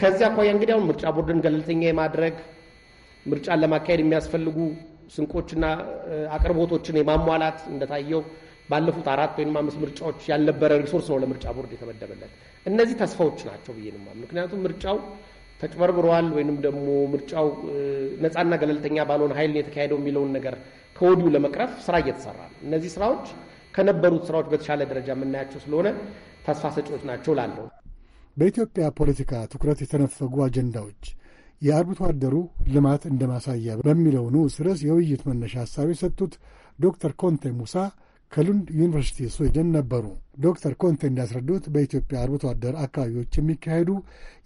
ከዚያ አኳያ እንግዲህ አሁን ምርጫ ቦርድን ገለልተኛ የማድረግ ምርጫን ለማካሄድ የሚያስፈልጉ ስንቆችና አቅርቦቶችን የማሟላት እንደታየው ባለፉት አራት ወይም አምስት ምርጫዎች ያልነበረ ሪሶርስ ነው ለምርጫ ቦርድ የተመደበለት። እነዚህ ተስፋዎች ናቸው ብዬ ነው የማምነው። ምክንያቱም ምርጫው ተጭበርብሯል ወይንም ደግሞ ምርጫው ነፃና ገለልተኛ ባልሆነ ኃይል የተካሄደው የሚለውን ነገር ከወዲሁ ለመቅረፍ ስራ እየተሰራ ነው። እነዚህ ስራዎች ከነበሩት ስራዎች በተሻለ ደረጃ የምናያቸው ስለሆነ ተስፋ ሰጪዎች ናቸው ላለው በኢትዮጵያ ፖለቲካ ትኩረት የተነፈጉ አጀንዳዎች የአርብቶ አደሩ ልማት እንደ ማሳያ በሚለው ንዑስ ርዕስ የውይይት መነሻ ሀሳብ የሰጡት ዶክተር ኮንቴ ሙሳ ከሉንድ ዩኒቨርሲቲ ስዊድን ነበሩ። ዶክተር ኮንቴ እንዳስረዱት በኢትዮጵያ አርብቶ አደር አካባቢዎች የሚካሄዱ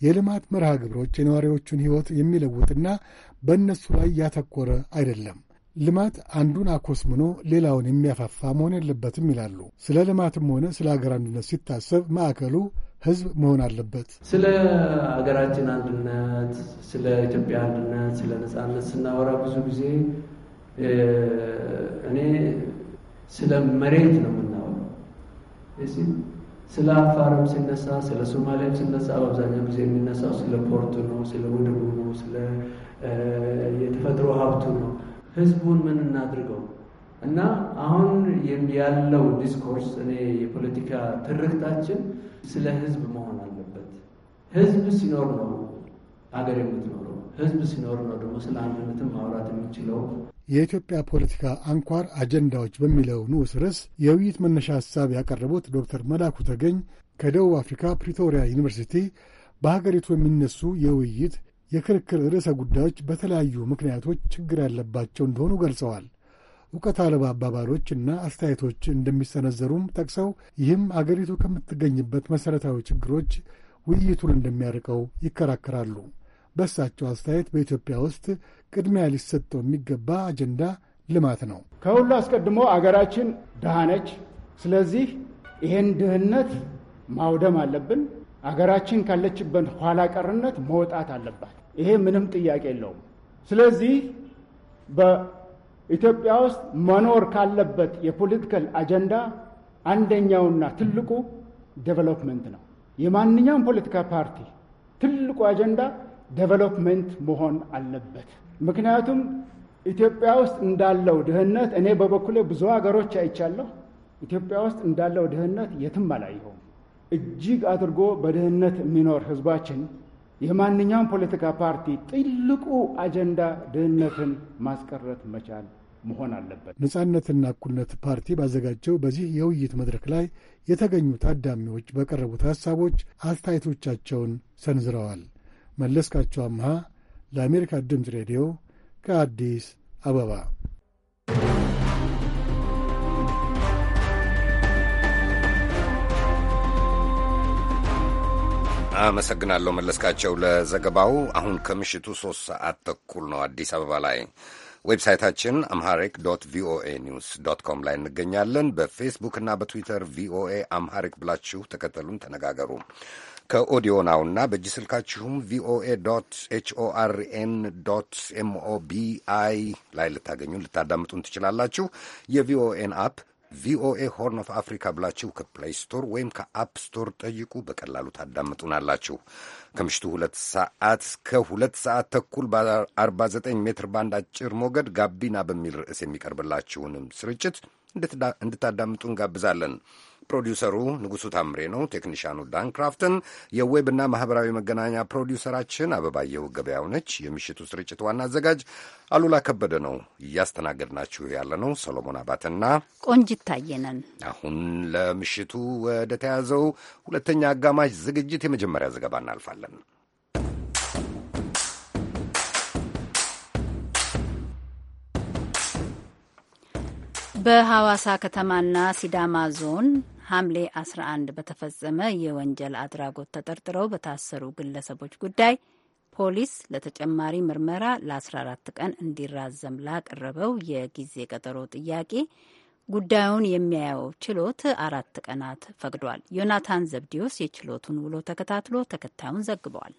የልማት መርሃ ግብሮች የነዋሪዎቹን ሕይወት የሚለውጥና በእነሱ ላይ ያተኮረ አይደለም። ልማት አንዱን አኮስምኖ ሌላውን የሚያፋፋ መሆን የለበትም ይላሉ። ስለ ልማትም ሆነ ስለ ሀገር አንድነት ሲታሰብ ማዕከሉ ህዝብ መሆን አለበት። ስለ ሀገራችን አንድነት፣ ስለ ኢትዮጵያ አንድነት፣ ስለ ነጻነት ስናወራ ብዙ ጊዜ እኔ ስለ መሬት ነው የምናወራው። ስለ አፋርም ሲነሳ፣ ስለ ሶማሊያም ሲነሳ በአብዛኛው ጊዜ የሚነሳው ስለ ፖርቱ ነው፣ ስለ ወደቡ ነው፣ ስለ የተፈጥሮ ሀብቱ ነው። ህዝቡን ምን እናድርገው እና አሁን ያለው ዲስኮርስ እኔ የፖለቲካ ትርክታችን ስለ ህዝብ መሆን አለበት። ህዝብ ሲኖር ነው አገር የምትኖረው። ህዝብ ሲኖር ነው ደግሞ ስለ አንድነትም ማውራት የምችለው። የኢትዮጵያ ፖለቲካ አንኳር አጀንዳዎች በሚለው ንዑስ ርዕስ የውይይት መነሻ ሀሳብ ያቀረቡት ዶክተር መላኩ ተገኝ ከደቡብ አፍሪካ ፕሪቶሪያ ዩኒቨርሲቲ በሀገሪቱ የሚነሱ የውይይት የክርክር ርዕሰ ጉዳዮች በተለያዩ ምክንያቶች ችግር ያለባቸው እንደሆኑ ገልጸዋል። እውቀት አልባ አባባሎች እና አስተያየቶች እንደሚሰነዘሩም ጠቅሰው ይህም አገሪቱ ከምትገኝበት መሠረታዊ ችግሮች ውይይቱን እንደሚያርቀው ይከራከራሉ። በእሳቸው አስተያየት በኢትዮጵያ ውስጥ ቅድሚያ ሊሰጠው የሚገባ አጀንዳ ልማት ነው። ከሁሉ አስቀድሞ አገራችን ድሃ ነች። ስለዚህ ይህን ድህነት ማውደም አለብን። አገራችን ካለችበት ኋላ ቀርነት መውጣት አለባት። ይሄ ምንም ጥያቄ የለውም። ስለዚህ በኢትዮጵያ ውስጥ መኖር ካለበት የፖለቲካል አጀንዳ አንደኛውና ትልቁ ዴቨሎፕመንት ነው። የማንኛውም ፖለቲካ ፓርቲ ትልቁ አጀንዳ ዴቨሎፕመንት መሆን አለበት። ምክንያቱም ኢትዮጵያ ውስጥ እንዳለው ድህነት እኔ በበኩሌ ብዙ ሀገሮች አይቻለሁ። ኢትዮጵያ ውስጥ እንዳለው ድህነት የትም አላየሁም። እጅግ አድርጎ በድህነት የሚኖር ህዝባችን የማንኛውም ፖለቲካ ፓርቲ ጥልቁ አጀንዳ ድህነትን ማስቀረት መቻል መሆን አለበት። ነጻነትና እኩልነት ፓርቲ ባዘጋጀው በዚህ የውይይት መድረክ ላይ የተገኙ ታዳሚዎች በቀረቡት ሐሳቦች አስተያየቶቻቸውን ሰንዝረዋል። መለስካቸው አምሃ ለአሜሪካ ድምፅ ሬዲዮ ከአዲስ አበባ አመሰግናለሁ መለስካቸው ለዘገባው። አሁን ከምሽቱ ሶስት ሰዓት ተኩል ነው አዲስ አበባ ላይ። ዌብሳይታችን አምሃሪክ ዶት ቪኦኤ ኒውስ ዶት ኮም ላይ እንገኛለን። በፌስቡክ እና በትዊተር ቪኦኤ አምሃሪክ ብላችሁ ተከተሉን፣ ተነጋገሩ። ከኦዲዮ ናውና በእጅ ስልካችሁም ቪኦኤ ዶት ኤችኦአርኤን ዶት ኤምኦቢአይ ላይ ልታገኙን ልታዳምጡን ትችላላችሁ። የቪኦኤን አፕ ቪኦኤ ሆርን ኦፍ አፍሪካ ብላችሁ ከፕሌይ ስቶር ወይም ከአፕ ስቶር ጠይቁ። በቀላሉ ታዳምጡናላችሁ። ከምሽቱ ሁለት ሰዓት እስከ ሁለት ሰዓት ተኩል በ49 ሜትር ባንድ አጭር ሞገድ ጋቢና በሚል ርዕስ የሚቀርብላችሁንም ስርጭት እንድታዳምጡ እንጋብዛለን። ፕሮዲውሰሩ ንጉሡ ታምሬ ነው። ቴክኒሽያኑ ዳን ክራፍትን፣ እና ማኅበራዊ መገናኛ ፕሮዲውሰራችን አበባየሁ ገበያው ነች። የምሽቱ ስርጭት ዋና አዘጋጅ አሉላ ከበደ ነው። እያስተናገድናችሁ ያለ ነው ሰሎሞን አባትና ቆንጅ ታየ አሁን ለምሽቱ ወደ ተያዘው ሁለተኛ አጋማሽ ዝግጅት የመጀመሪያ ዘገባ እናልፋለን። በሐዋሳ ከተማና ሲዳማ ዞን ሐምሌ 11 በተፈጸመ የወንጀል አድራጎት ተጠርጥረው በታሰሩ ግለሰቦች ጉዳይ ፖሊስ ለተጨማሪ ምርመራ ለ14 ቀን እንዲራዘም ላቀረበው የጊዜ ቀጠሮ ጥያቄ ጉዳዩን የሚያየው ችሎት አራት ቀናት ፈቅዷል። ዮናታን ዘብዲዮስ የችሎቱን ውሎ ተከታትሎ ተከታዩን ዘግበዋል።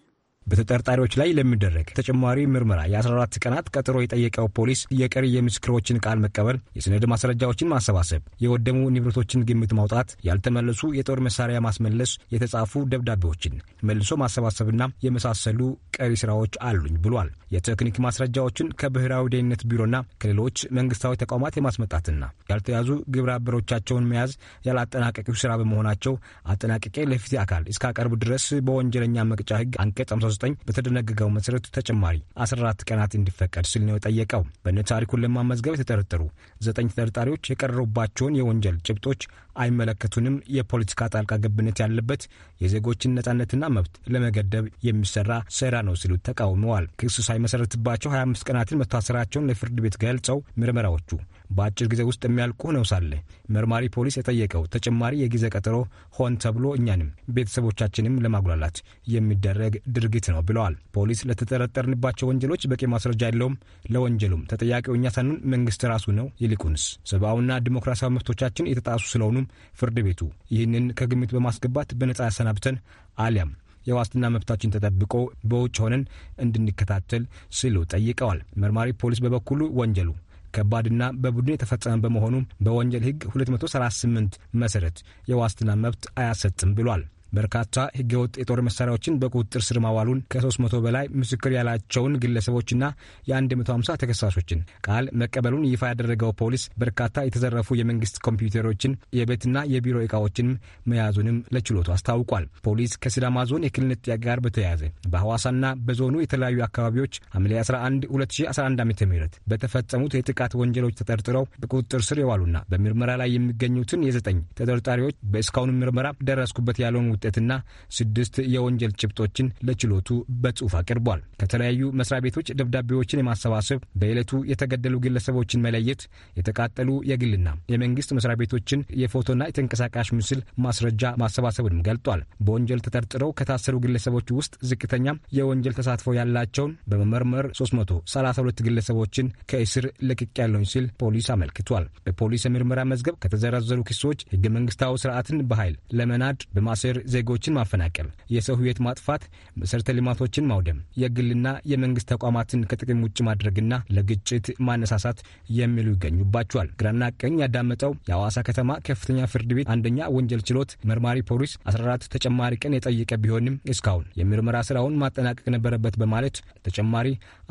በተጠርጣሪዎች ላይ ለሚደረግ ተጨማሪ ምርመራ የ14 ቀናት ቀጠሮ የጠየቀው ፖሊስ የቀሪ የምስክሮችን ቃል መቀበል፣ የሰነድ ማስረጃዎችን ማሰባሰብ፣ የወደሙ ንብረቶችን ግምት ማውጣት፣ ያልተመለሱ የጦር መሳሪያ ማስመለስ፣ የተጻፉ ደብዳቤዎችን መልሶ ማሰባሰብና የመሳሰሉ ቀሪ ስራዎች አሉኝ ብሏል። የቴክኒክ ማስረጃዎችን ከብሔራዊ ደህንነት ቢሮና ከሌሎች መንግስታዊ ተቋማት የማስመጣትና ያልተያዙ ግብረ አበሮቻቸውን መያዝ ያላጠናቀቂው ስራ በመሆናቸው አጠናቅቄ ለፊት አካል እስካቀርቡ ድረስ በወንጀለኛ መቅጫ ህግ አንቀጽ 19 በተደነገገው መሰረት ተጨማሪ 14 ቀናት እንዲፈቀድ ሲል ነው የጠየቀው። በእነ ታሪኩን ለማመዝገብ የተጠረጠሩ ዘጠኝ ተጠርጣሪዎች የቀረቡባቸውን የወንጀል ጭብጦች አይመለከቱንም፣ የፖለቲካ ጣልቃ ገብነት ያለበት የዜጎችን ነጻነትና መብት ለመገደብ የሚሰራ ስራ ነው ሲሉ ተቃውመዋል። ክሱ ሳይመሰረትባቸው 25 ቀናትን መታሰራቸውን ለፍርድ ቤት ገልጸው ምርመራዎቹ በአጭር ጊዜ ውስጥ የሚያልቁ ነው ሳለ መርማሪ ፖሊስ የጠየቀው ተጨማሪ የጊዜ ቀጠሮ ሆን ተብሎ እኛንም ቤተሰቦቻችንም ለማጉላላት የሚደረግ ድርጊት ነው ብለዋል። ፖሊስ ለተጠረጠርንባቸው ወንጀሎች በቂ ማስረጃ የለውም፣ ለወንጀሉም ተጠያቂው እኛ ሳንሆን መንግስት ራሱ ነው ይልቁንስ ሰብአዊና ዲሞክራሲያዊ መብቶቻችን የተጣሱ ስለሆኑም ፍርድ ቤቱ ይህንን ከግምት በማስገባት በነጻ ያሰናብተን አሊያም የዋስትና መብታችን ተጠብቆ በውጭ ሆነን እንድንከታተል ሲሉ ጠይቀዋል። መርማሪ ፖሊስ በበኩሉ ወንጀሉ ከባድና በቡድን የተፈጸመ በመሆኑ በወንጀል ሕግ 238 መሰረት የዋስትና መብት አያሰጥም ብሏል። በርካታ ህገወጥ የጦር መሳሪያዎችን በቁጥጥር ስር ማዋሉን ከ300 በላይ ምስክር ያላቸውን ግለሰቦችና የ150 ተከሳሾችን ቃል መቀበሉን ይፋ ያደረገው ፖሊስ በርካታ የተዘረፉ የመንግስት ኮምፒውተሮችን፣ የቤትና የቢሮ እቃዎችንም መያዙንም ለችሎቱ አስታውቋል። ፖሊስ ከሲዳማ ዞን የክልልነት ጥያቄ ጋር በተያያዘ በሐዋሳና በዞኑ የተለያዩ አካባቢዎች ሐምሌ 11 2011 ዓ ም በተፈጸሙት የጥቃት ወንጀሎች ተጠርጥረው በቁጥጥር ስር የዋሉና በምርመራ ላይ የሚገኙትን የዘጠኝ ተጠርጣሪዎች በእስካሁን ምርመራ ደረስኩበት ያለውን ውጤትና ስድስት የወንጀል ጭብጦችን ለችሎቱ በጽሑፍ አቅርቧል። ከተለያዩ መስሪያ ቤቶች ደብዳቤዎችን የማሰባሰብ በዕለቱ የተገደሉ ግለሰቦችን መለየት፣ የተቃጠሉ የግልና የመንግስት መስሪያ ቤቶችን የፎቶና የተንቀሳቃሽ ምስል ማስረጃ ማሰባሰብንም ገልጧል። በወንጀል ተጠርጥረው ከታሰሩ ግለሰቦች ውስጥ ዝቅተኛ የወንጀል ተሳትፎ ያላቸውን በመመርመር 332 ግለሰቦችን ከእስር ልቅቅ ያለውኝ ሲል ፖሊስ አመልክቷል። በፖሊስ የምርመራ መዝገብ ከተዘረዘሩ ክሶች ህገ መንግስታዊ ስርዓትን በኃይል ለመናድ በማሰር ዜጎችን ማፈናቀል፣ የሰው ህይወት ማጥፋት፣ መሠረተ ልማቶችን ማውደም፣ የግልና የመንግስት ተቋማትን ከጥቅም ውጭ ማድረግና ለግጭት ማነሳሳት የሚሉ ይገኙባቸዋል። ግራና ቀኝ ያዳመጠው የአዋሳ ከተማ ከፍተኛ ፍርድ ቤት አንደኛ ወንጀል ችሎት መርማሪ ፖሊስ 14 ተጨማሪ ቀን የጠየቀ ቢሆንም እስካሁን የምርመራ ስራውን ማጠናቀቅ ነበረበት በማለት ተጨማሪ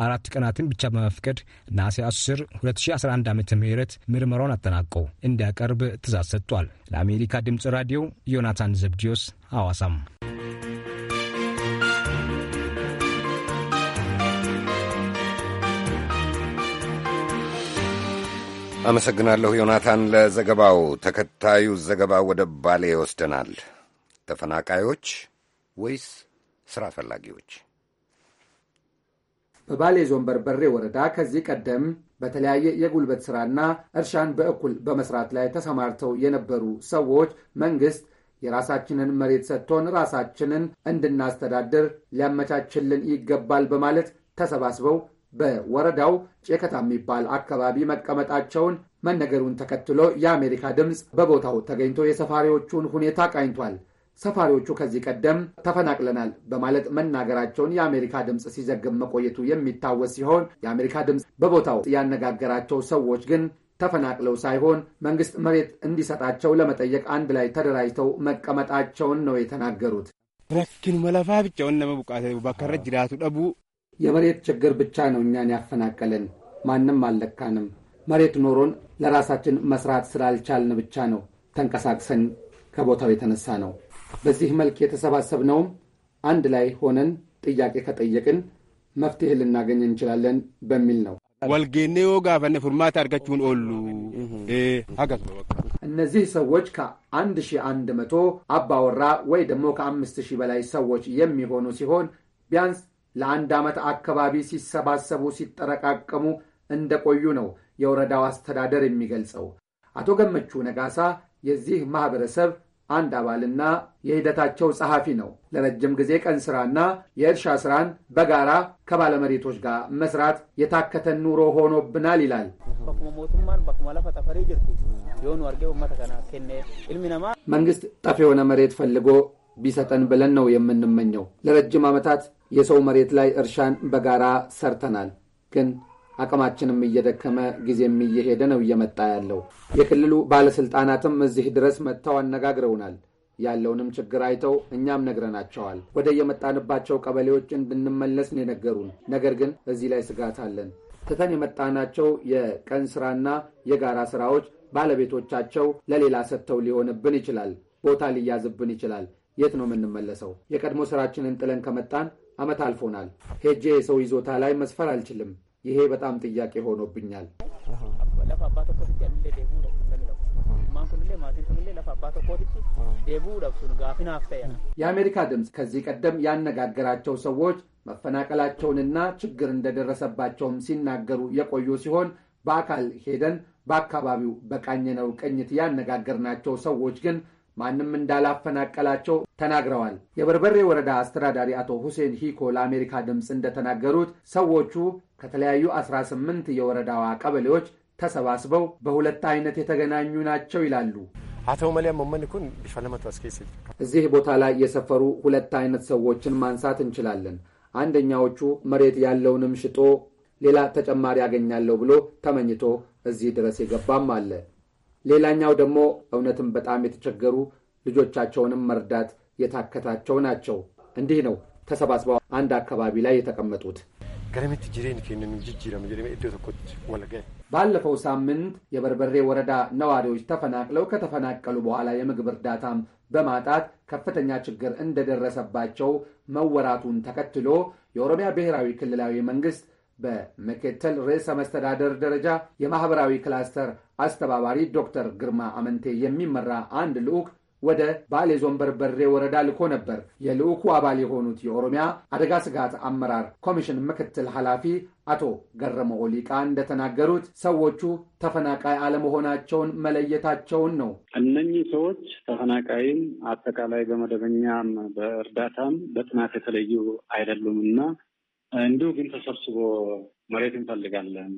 አራት ቀናትን ብቻ በመፍቀድ ነሐሴ 10 2011 ዓ ም ምርመራውን አጠናቆ እንዲያቀርብ ትእዛዝ ሰጥቷል። ለአሜሪካ ድምፅ ራዲዮ ዮናታን ዘብድዮስ ሐዋሳም አመሰግናለሁ ዮናታን ለዘገባው። ተከታዩ ዘገባ ወደ ባሌ ይወስደናል። ተፈናቃዮች ወይስ ሥራ ፈላጊዎች? በባሌ ዞን በርበሬ ወረዳ ከዚህ ቀደም በተለያየ የጉልበት ሥራና እርሻን በእኩል በመስራት ላይ ተሰማርተው የነበሩ ሰዎች መንግሥት የራሳችንን መሬት ሰጥቶን ራሳችንን እንድናስተዳድር ሊያመቻችልን ይገባል በማለት ተሰባስበው በወረዳው ጨከታ የሚባል አካባቢ መቀመጣቸውን መነገሩን ተከትሎ የአሜሪካ ድምፅ በቦታው ተገኝቶ የሰፋሪዎቹን ሁኔታ ቃኝቷል። ሰፋሪዎቹ ከዚህ ቀደም ተፈናቅለናል በማለት መናገራቸውን የአሜሪካ ድምፅ ሲዘግብ መቆየቱ የሚታወስ ሲሆን የአሜሪካ ድምፅ በቦታው ያነጋገራቸው ሰዎች ግን ተፈናቅለው ሳይሆን መንግስት መሬት እንዲሰጣቸው ለመጠየቅ አንድ ላይ ተደራጅተው መቀመጣቸውን ነው የተናገሩት። ረኪኑ መለፋ ብቻውን ለመቡቃት ባከረ ጅራቱ ደቡ የመሬት ችግር ብቻ ነው እኛን ያፈናቀለን። ማንም አልለካንም። መሬት ኖሮን ለራሳችን መስራት ስላልቻልን ብቻ ነው ተንቀሳቅሰን ከቦታው የተነሳ ነው። በዚህ መልክ የተሰባሰብነውም አንድ ላይ ሆነን ጥያቄ ከጠየቅን መፍትሄ ልናገኝ እንችላለን በሚል ነው። ወልጌኔዮ ጋፈነ ፉርማት አርገችሁን ኦሉ እነዚህ ሰዎች ከአንድ ሺህ አንድ መቶ አባወራ ወይ ደግሞ ከአምስት ሺህ በላይ ሰዎች የሚሆኑ ሲሆን ቢያንስ ለአንድ ዓመት አካባቢ ሲሰባሰቡ ሲጠረቃቀሙ እንደቆዩ ነው የወረዳው አስተዳደር የሚገልጸው። አቶ ገመቹ ነጋሳ የዚህ ማኅበረሰብ አንድ አባልና የሂደታቸው ጸሐፊ ነው። ለረጅም ጊዜ ቀን ሥራና የእርሻ ሥራን በጋራ ከባለመሬቶች ጋር መስራት የታከተን ኑሮ ሆኖብናል ይላል። መንግሥት ጠፍ የሆነ መሬት ፈልጎ ቢሰጠን ብለን ነው የምንመኘው። ለረጅም ዓመታት የሰው መሬት ላይ እርሻን በጋራ ሰርተናል ግን አቅማችንም እየደከመ ጊዜም እየሄደ ነው እየመጣ ያለው። የክልሉ ባለስልጣናትም እዚህ ድረስ መጥተው አነጋግረውናል። ያለውንም ችግር አይተው እኛም ነግረናቸዋል። ወደ የመጣንባቸው ቀበሌዎች እንድንመለስ ነው የነገሩን። ነገር ግን እዚህ ላይ ስጋት አለን። ትተን የመጣናቸው የቀን ስራና የጋራ ስራዎች ባለቤቶቻቸው ለሌላ ሰጥተው ሊሆንብን ይችላል። ቦታ ሊያዝብን ይችላል። የት ነው የምንመለሰው? የቀድሞ ስራችንን ጥለን ከመጣን ዓመት አልፎናል። ሄጄ የሰው ይዞታ ላይ መስፈር አልችልም። ይሄ በጣም ጥያቄ ሆኖብኛል። የአሜሪካ ድምፅ ከዚህ ቀደም ያነጋገራቸው ሰዎች መፈናቀላቸውንና ችግር እንደደረሰባቸውም ሲናገሩ የቆዩ ሲሆን በአካል ሄደን በአካባቢው በቃኘነው ቅኝት ያነጋገርናቸው ሰዎች ግን ማንም እንዳላፈናቀላቸው ተናግረዋል። የበርበሬ ወረዳ አስተዳዳሪ አቶ ሁሴን ሂኮ ለአሜሪካ ድምፅ እንደተናገሩት ሰዎቹ ከተለያዩ 18 የወረዳዋ ቀበሌዎች ተሰባስበው በሁለት አይነት የተገናኙ ናቸው ይላሉ። እዚህ ቦታ ላይ የሰፈሩ ሁለት አይነት ሰዎችን ማንሳት እንችላለን። አንደኛዎቹ መሬት ያለውንም ሽጦ ሌላ ተጨማሪ ያገኛለሁ ብሎ ተመኝቶ እዚህ ድረስ የገባም አለ። ሌላኛው ደግሞ እውነትም በጣም የተቸገሩ ልጆቻቸውንም መርዳት የታከታቸው ናቸው። እንዲህ ነው ተሰባስበው አንድ አካባቢ ላይ የተቀመጡት። ባለፈው ሳምንት የበርበሬ ወረዳ ነዋሪዎች ተፈናቅለው ከተፈናቀሉ በኋላ የምግብ እርዳታም በማጣት ከፍተኛ ችግር እንደደረሰባቸው መወራቱን ተከትሎ የኦሮሚያ ብሔራዊ ክልላዊ መንግስት በምክትል ርዕሰ መስተዳደር ደረጃ የማህበራዊ ክላስተር አስተባባሪ ዶክተር ግርማ አመንቴ የሚመራ አንድ ልዑክ ወደ ባሌ ዞን በርበሬ ወረዳ ልኮ ነበር። የልዑኩ አባል የሆኑት የኦሮሚያ አደጋ ስጋት አመራር ኮሚሽን ምክትል ኃላፊ አቶ ገረመው ኦሊቃ እንደተናገሩት ሰዎቹ ተፈናቃይ አለመሆናቸውን መለየታቸውን ነው። እነኚህ ሰዎች ተፈናቃይም አጠቃላይ በመደበኛም በእርዳታም በጥናት የተለዩ አይደሉም እና እንዲሁ ግን ተሰብስቦ መሬት እንፈልጋለን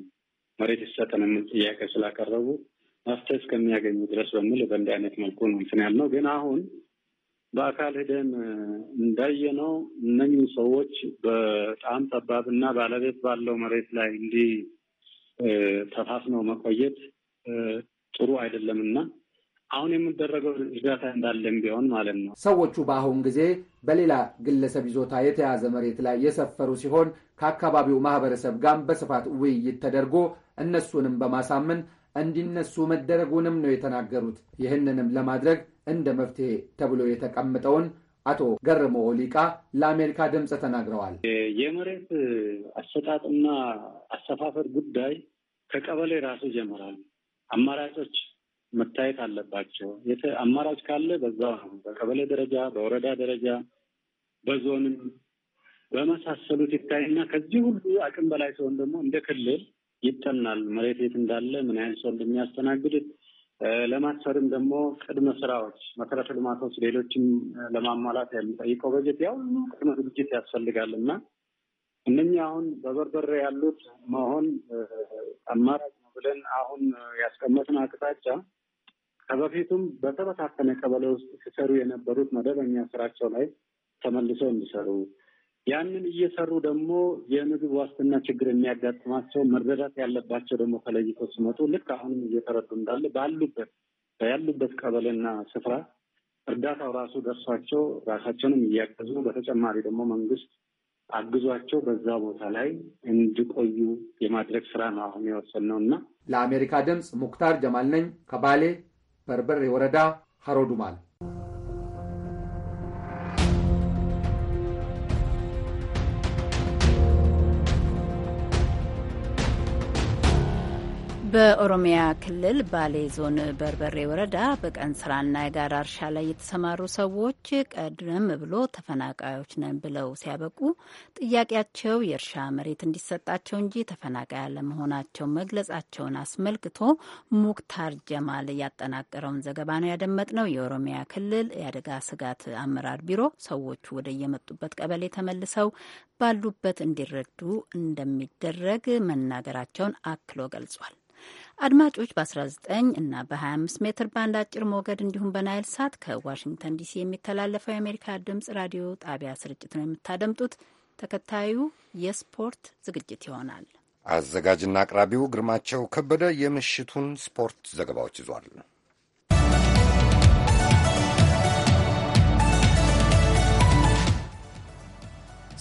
መሬት ይሰጠን የሚል ጥያቄ ስላቀረቡ መፍትሄ እስከሚያገኙ ድረስ በሚል በእንዲህ አይነት መልኩ ነው እንትን ያልነው። ግን አሁን በአካል ሄደን እንዳየነው እነኝ ሰዎች በጣም ጠባብና ባለቤት ባለው መሬት ላይ እንዲህ ተፋፍነው መቆየት ጥሩ አይደለምና አሁን የምደረገው እርዳታ እንዳለም ቢሆን ማለት ነው። ሰዎቹ በአሁን ጊዜ በሌላ ግለሰብ ይዞታ የተያዘ መሬት ላይ የሰፈሩ ሲሆን ከአካባቢው ማህበረሰብ ጋር በስፋት ውይይት ተደርጎ እነሱንም በማሳመን እንዲነሱ መደረጉንም ነው የተናገሩት። ይህንንም ለማድረግ እንደ መፍትሄ ተብሎ የተቀመጠውን አቶ ገርሞ ኦሊቃ ለአሜሪካ ድምፅ ተናግረዋል። የመሬት አሰጣጥና አሰፋፈር ጉዳይ ከቀበሌ ራሱ ይጀምራል። አማራጮች መታየት አለባቸው። አማራጭ ካለ በዛ በቀበሌ ደረጃ፣ በወረዳ ደረጃ፣ በዞንም በመሳሰሉት ይታይና ከዚህ ሁሉ አቅም በላይ ሲሆን ደግሞ እንደ ክልል ይጠናል። መሬት የት እንዳለ ምን አይነት ሰው እንደሚያስተናግድ ለማሰርም ደግሞ ቅድመ ስራዎች፣ መሰረተ ልማቶች፣ ሌሎችም ለማሟላት የሚጠይቀው በጀት ያው ሁሉ ቅድመ ዝግጅት ያስፈልጋል እና እነኛ አሁን በበርበር ያሉት መሆን አማራጭ ነው ብለን አሁን ያስቀመጥን አቅጣጫ ከበፊቱም በተበታተነ ቀበሌ ውስጥ ሲሰሩ የነበሩት መደበኛ ስራቸው ላይ ተመልሰው እንዲሰሩ ያንን እየሰሩ ደግሞ የምግብ ዋስትና ችግር የሚያጋጥማቸው መረዳት ያለባቸው ደግሞ ከለይቶ ሲመጡ ልክ አሁንም እየተረዱ እንዳለ ባሉበት ያሉበት ቀበሌና ስፍራ እርዳታው ራሱ ደርሷቸው ራሳቸውንም እያገዙ በተጨማሪ ደግሞ መንግስት አግዟቸው በዛ ቦታ ላይ እንዲቆዩ የማድረግ ስራ ነው አሁን የወሰን ነው እና ለአሜሪካ ድምፅ ሙክታር ጀማል ነኝ ከባሌ በርበሬ ወረዳ ሀሮዱማል በኦሮሚያ ክልል ባሌ ዞን በርበሬ ወረዳ በቀን ስራና የጋራ እርሻ ላይ የተሰማሩ ሰዎች ቀደም ብሎ ተፈናቃዮች ነን ብለው ሲያበቁ ጥያቄያቸው የእርሻ መሬት እንዲሰጣቸው እንጂ ተፈናቃይ አለመሆናቸው መግለጻቸውን አስመልክቶ ሙክታር ጀማል ያጠናቀረውን ዘገባ ነው ያደመጥነው። የኦሮሚያ ክልል የአደጋ ስጋት አመራር ቢሮ ሰዎቹ ወደ የመጡበት ቀበሌ ተመልሰው ባሉበት እንዲረዱ እንደሚደረግ መናገራቸውን አክሎ ገልጿል። አድማጮች በ19 እና በ25 ሜትር ባንድ አጭር ሞገድ እንዲሁም በናይል ሳት ከዋሽንግተን ዲሲ የሚተላለፈው የአሜሪካ ድምጽ ራዲዮ ጣቢያ ስርጭት ነው የምታደምጡት። ተከታዩ የስፖርት ዝግጅት ይሆናል። አዘጋጅና አቅራቢው ግርማቸው ከበደ የምሽቱን ስፖርት ዘገባዎች ይዟል።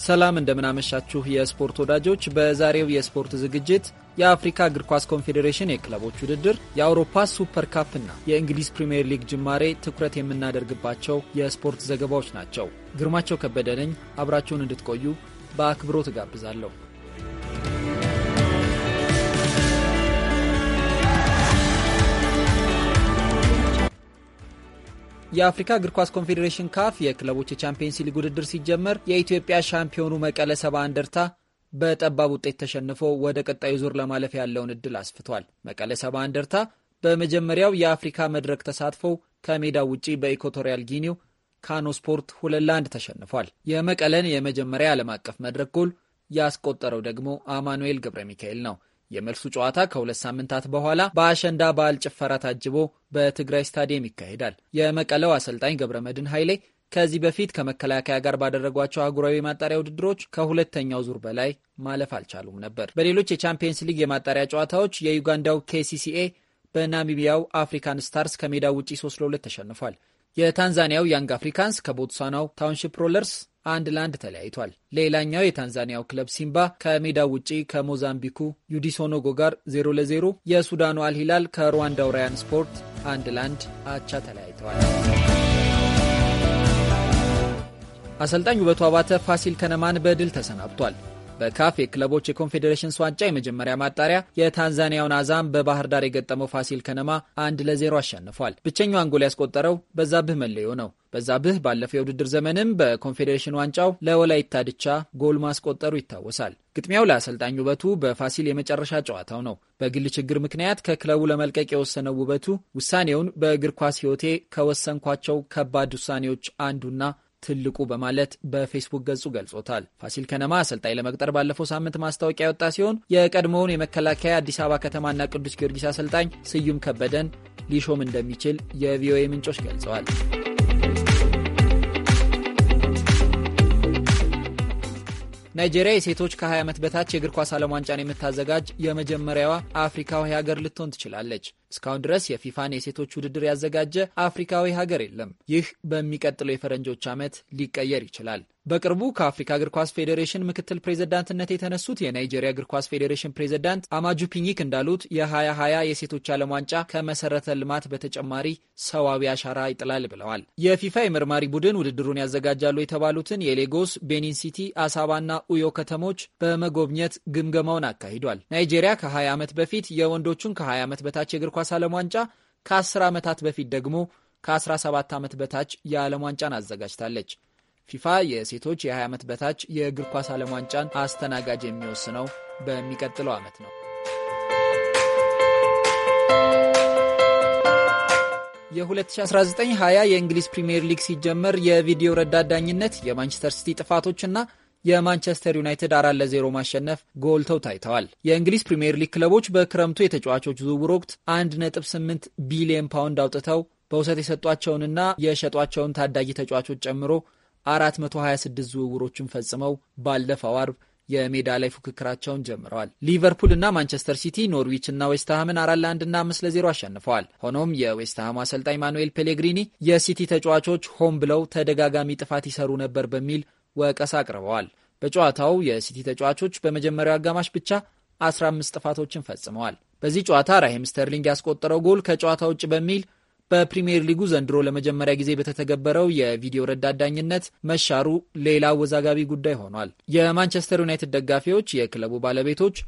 ሰላም እንደምናመሻችሁ የስፖርት ወዳጆች። በዛሬው የስፖርት ዝግጅት የአፍሪካ እግር ኳስ ኮንፌዴሬሽን የክለቦች ውድድር፣ የአውሮፓ ሱፐር ካፕና የእንግሊዝ ፕሪምየር ሊግ ጅማሬ ትኩረት የምናደርግባቸው የስፖርት ዘገባዎች ናቸው። ግርማቸው ከበደ ነኝ። አብራችሁን እንድትቆዩ በአክብሮት እጋብዛለሁ። የአፍሪካ እግር ኳስ ኮንፌዴሬሽን ካፍ የክለቦች የቻምፒየንስ ሊግ ውድድር ሲጀመር የኢትዮጵያ ሻምፒዮኑ መቀለ ሰባ እንደርታ በጠባብ ውጤት ተሸንፎ ወደ ቀጣዩ ዙር ለማለፍ ያለውን እድል አስፍቷል። መቀለ ሰባ እንደርታ በመጀመሪያው የአፍሪካ መድረክ ተሳትፎ ከሜዳው ውጪ በኢኳቶሪያል ጊኒው ካኖ ስፖርት ሁለት ለአንድ ተሸንፏል። የመቀለን የመጀመሪያ ዓለም አቀፍ መድረክ ጎል ያስቆጠረው ደግሞ አማኑኤል ገብረ ሚካኤል ነው። የመልሱ ጨዋታ ከሁለት ሳምንታት በኋላ በአሸንዳ በዓል ጭፈራ ታጅቦ በትግራይ ስታዲየም ይካሄዳል። የመቀለው አሰልጣኝ ገብረ መድን ኃይሌ ከዚህ በፊት ከመከላከያ ጋር ባደረጓቸው አህጉራዊ የማጣሪያ ውድድሮች ከሁለተኛው ዙር በላይ ማለፍ አልቻሉም ነበር። በሌሎች የቻምፒየንስ ሊግ የማጣሪያ ጨዋታዎች የዩጋንዳው ኬሲሲኤ በናሚቢያው አፍሪካን ስታርስ ከሜዳ ውጪ ሶስት ለሁለት ተሸንፏል። የታንዛኒያው ያንግ አፍሪካንስ ከቦትሳናው ታውንሺፕ ሮለርስ አንድ ለአንድ ተለያይቷል። ሌላኛው የታንዛኒያው ክለብ ሲምባ ከሜዳው ውጪ ከሞዛምቢኩ ዩዲሶኖጎ ጋር ለ ለዜሮ፣ የሱዳኑ አልሂላል ከሩዋንዳው ራያን ስፖርት አንድ ለአንድ አቻ ተለያይተዋል። አሰልጣኝ ውበቱ አባተ ፋሲል ከነማን በድል ተሰናብቷል። በካፍ የክለቦች የኮንፌዴሬሽንስ ዋንጫ የመጀመሪያ ማጣሪያ የታንዛኒያውን አዛም በባህር ዳር የገጠመው ፋሲል ከነማ አንድ ለዜሮ አሸንፏል። ብቸኛው ጎል ያስቆጠረው በዛብህ መለዮ ነው። በዛብህ ባለፈው የውድድር ዘመንም በኮንፌዴሬሽን ዋንጫው ለወላይታ ድቻ ጎል ማስቆጠሩ ይታወሳል። ግጥሚያው ለአሰልጣኝ ውበቱ በፋሲል የመጨረሻ ጨዋታው ነው። በግል ችግር ምክንያት ከክለቡ ለመልቀቅ የወሰነው ውበቱ ውሳኔውን በእግር ኳስ ሕይወቴ ከወሰንኳቸው ከባድ ውሳኔዎች አንዱና ትልቁ በማለት በፌስቡክ ገጹ ገልጾታል። ፋሲል ከነማ አሰልጣኝ ለመቅጠር ባለፈው ሳምንት ማስታወቂያ የወጣ ሲሆን የቀድሞውን የመከላከያ አዲስ አበባ ከተማና ቅዱስ ጊዮርጊስ አሰልጣኝ ስዩም ከበደን ሊሾም እንደሚችል የቪኦኤ ምንጮች ገልጸዋል። ናይጄሪያ የሴቶች ከ20 ዓመት በታች የእግር ኳስ ዓለም ዋንጫን የምታዘጋጅ የመጀመሪያዋ አፍሪካዊ ሀገር ልትሆን ትችላለች። እስካሁን ድረስ የፊፋን የሴቶች ውድድር ያዘጋጀ አፍሪካዊ ሀገር የለም። ይህ በሚቀጥለው የፈረንጆች ዓመት ሊቀየር ይችላል። በቅርቡ ከአፍሪካ እግር ኳስ ፌዴሬሽን ምክትል ፕሬዝዳንትነት የተነሱት የናይጄሪያ እግር ኳስ ፌዴሬሽን ፕሬዝዳንት አማጁ ፒኒክ እንዳሉት የ2020 የሴቶች ዓለም ዋንጫ ከመሰረተ ልማት በተጨማሪ ሰዋዊ አሻራ ይጥላል ብለዋል። የፊፋ የመርማሪ ቡድን ውድድሩን ያዘጋጃሉ የተባሉትን የሌጎስ፣ ቤኒን ሲቲ፣ አሳባና ኡዮ ከተሞች በመጎብኘት ግምገማውን አካሂዷል። ናይጄሪያ ከ20 ዓመት በፊት የወንዶቹን ከ20 ዓመት በታች የእግር ኳስ ዓለም ዋንጫ ከ10 ዓመታት በፊት ደግሞ ከ17 ዓመት በታች የዓለም ዋንጫን አዘጋጅታለች። ፊፋ የሴቶች የ20 ዓመት በታች የእግር ኳስ ዓለም ዋንጫን አስተናጋጅ የሚወስነው በሚቀጥለው ዓመት ነው። የ2019-20 የእንግሊዝ ፕሪምየር ሊግ ሲጀመር የቪዲዮ ረዳት ዳኝነት፣ የማንቸስተር ሲቲ ጥፋቶችና የማንቸስተር ዩናይትድ አራት ለዜሮ ማሸነፍ ጎልተው ታይተዋል። የእንግሊዝ ፕሪምየር ሊግ ክለቦች በክረምቱ የተጫዋቾች ዝውውር ወቅት 1.8 ቢሊዮን ፓውንድ አውጥተው በውሰት የሰጧቸውንና የሸጧቸውን ታዳጊ ተጫዋቾች ጨምሮ 426 ዝውውሮችን ፈጽመው ባለፈው አርብ የሜዳ ላይ ፉክክራቸውን ጀምረዋል። ሊቨርፑል እና ማንቸስተር ሲቲ ኖርዊች እና ዌስትሃምን አራት ለአንድ እና አምስት ለዜሮ አሸንፈዋል። ሆኖም የዌስትሃሙ አሰልጣኝ ማኑኤል ፔሌግሪኒ የሲቲ ተጫዋቾች ሆን ብለው ተደጋጋሚ ጥፋት ይሰሩ ነበር በሚል ወቀሳ አቅርበዋል። በጨዋታው የሲቲ ተጫዋቾች በመጀመሪያው አጋማሽ ብቻ 15 ጥፋቶችን ፈጽመዋል። በዚህ ጨዋታ ራሂም ስተርሊንግ ያስቆጠረው ጎል ከጨዋታ ውጭ በሚል በፕሪምየር ሊጉ ዘንድሮ ለመጀመሪያ ጊዜ በተተገበረው የቪዲዮ ረዳት ዳኝነት መሻሩ ሌላ አወዛጋቢ ጉዳይ ሆኗል። የማንቸስተር ዩናይትድ ደጋፊዎች የክለቡ ባለቤቶች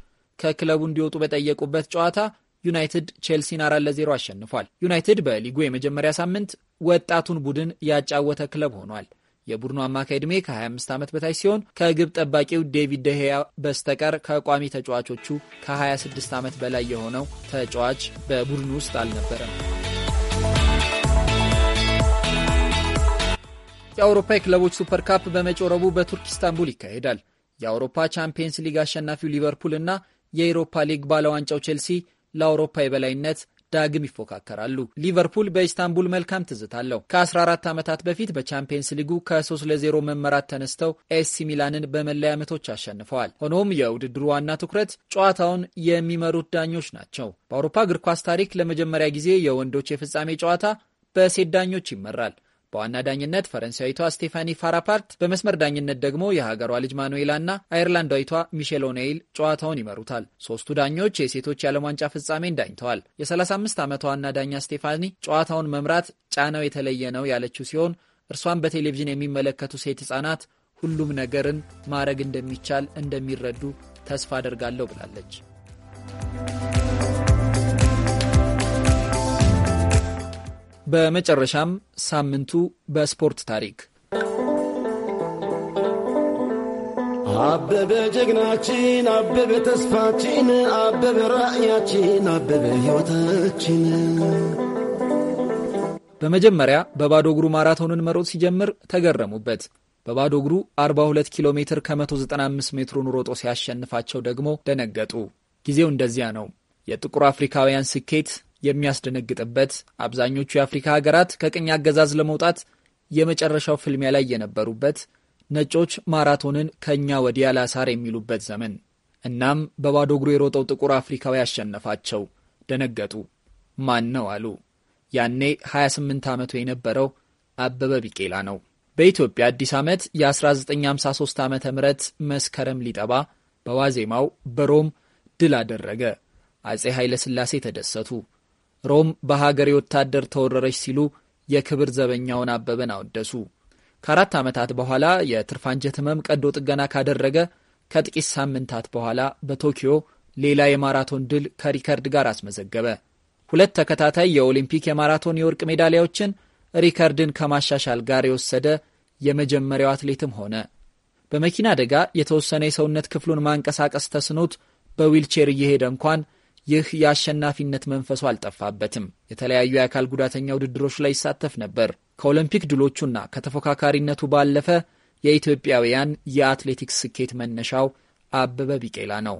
ከክለቡ እንዲወጡ በጠየቁበት ጨዋታ ዩናይትድ ቼልሲን አራት ለዜሮ አሸንፏል። ዩናይትድ በሊጉ የመጀመሪያ ሳምንት ወጣቱን ቡድን ያጫወተ ክለብ ሆኗል። የቡድኑ አማካይ ዕድሜ ከ25 ዓመት በታች ሲሆን ከግብ ጠባቂው ዴቪድ ደሄያ በስተቀር ከቋሚ ተጫዋቾቹ ከ26 ዓመት በላይ የሆነው ተጫዋች በቡድኑ ውስጥ አልነበረም። የአውሮፓ የክለቦች ሱፐር ካፕ በመጪው ረቡዕ በቱርክ ኢስታንቡል ይካሄዳል። የአውሮፓ ቻምፒየንስ ሊግ አሸናፊው ሊቨርፑል እና የአውሮፓ ሊግ ባለዋንጫው ቼልሲ ለአውሮፓ የበላይነት ዳግም ይፎካከራሉ። ሊቨርፑል በኢስታንቡል መልካም ትዝታ አለው። ከ14 ዓመታት በፊት በቻምፒየንስ ሊጉ ከ3 ለ0 መመራት ተነስተው ኤሲ ሚላንን በመለያ ምቶች አሸንፈዋል። ሆኖም የውድድሩ ዋና ትኩረት ጨዋታውን የሚመሩት ዳኞች ናቸው። በአውሮፓ እግር ኳስ ታሪክ ለመጀመሪያ ጊዜ የወንዶች የፍጻሜ ጨዋታ በሴት ዳኞች ይመራል። በዋና ዳኝነት ፈረንሳዊቷ ስቴፋኒ ፋራፓርት፣ በመስመር ዳኝነት ደግሞ የሀገሯ ልጅ ማኑኤላና አየርላንዳዊቷ ሚሼል ኦኔይል ጨዋታውን ይመሩታል። ሶስቱ ዳኞች የሴቶች የዓለም ዋንጫ ፍጻሜን ዳኝተዋል። የ35 ዓመቷ ዋና ዳኛ ስቴፋኒ ጨዋታውን መምራት ጫናው የተለየ ነው ያለችው ሲሆን እርሷን በቴሌቪዥን የሚመለከቱ ሴት ሕፃናት ሁሉም ነገርን ማድረግ እንደሚቻል እንደሚረዱ ተስፋ አደርጋለሁ ብላለች። በመጨረሻም ሳምንቱ በስፖርት ታሪክ አበበ ጀግናችን፣ አበበ ተስፋችን፣ አበበ ራእያችን፣ አበበ ሕይወታችን። በመጀመሪያ በባዶ እግሩ ማራቶንን መሮጥ ሲጀምር ተገረሙበት። በባዶ እግሩ 42 ኪሎ ሜትር ከ195 ሜትሩን ሮጦ ሲያሸንፋቸው ደግሞ ደነገጡ። ጊዜው እንደዚያ ነው። የጥቁር አፍሪካውያን ስኬት የሚያስደነግጥበት አብዛኞቹ የአፍሪካ ሀገራት ከቅኝ አገዛዝ ለመውጣት የመጨረሻው ፍልሚያ ላይ የነበሩበት ነጮች ማራቶንን ከእኛ ወዲያ ላሳር የሚሉበት ዘመን። እናም በባዶ እግሩ የሮጠው ጥቁር አፍሪካዊ ያሸነፋቸው። ደነገጡ። ማን ነው አሉ። ያኔ 28 ዓመቱ የነበረው አበበ ቢቄላ ነው። በኢትዮጵያ አዲስ ዓመት የ1953 ዓ ም መስከረም ሊጠባ በዋዜማው በሮም ድል አደረገ። አጼ ኃይለ ሥላሴ ተደሰቱ። ሮም በሀገሬ ወታደር ተወረረች ሲሉ የክብር ዘበኛውን አበበን አወደሱ። ከአራት ዓመታት በኋላ የትርፍ አንጀት ህመም ቀዶ ጥገና ካደረገ ከጥቂት ሳምንታት በኋላ በቶኪዮ ሌላ የማራቶን ድል ከሪከርድ ጋር አስመዘገበ። ሁለት ተከታታይ የኦሊምፒክ የማራቶን የወርቅ ሜዳሊያዎችን ሪከርድን ከማሻሻል ጋር የወሰደ የመጀመሪያው አትሌትም ሆነ። በመኪና አደጋ የተወሰነ የሰውነት ክፍሉን ማንቀሳቀስ ተስኖት በዊልቼር እየሄደ እንኳን ይህ የአሸናፊነት መንፈሱ አልጠፋበትም። የተለያዩ የአካል ጉዳተኛ ውድድሮች ላይ ይሳተፍ ነበር። ከኦሎምፒክ ድሎቹና ከተፎካካሪነቱ ባለፈ የኢትዮጵያውያን የአትሌቲክስ ስኬት መነሻው አበበ ቢቄላ ነው።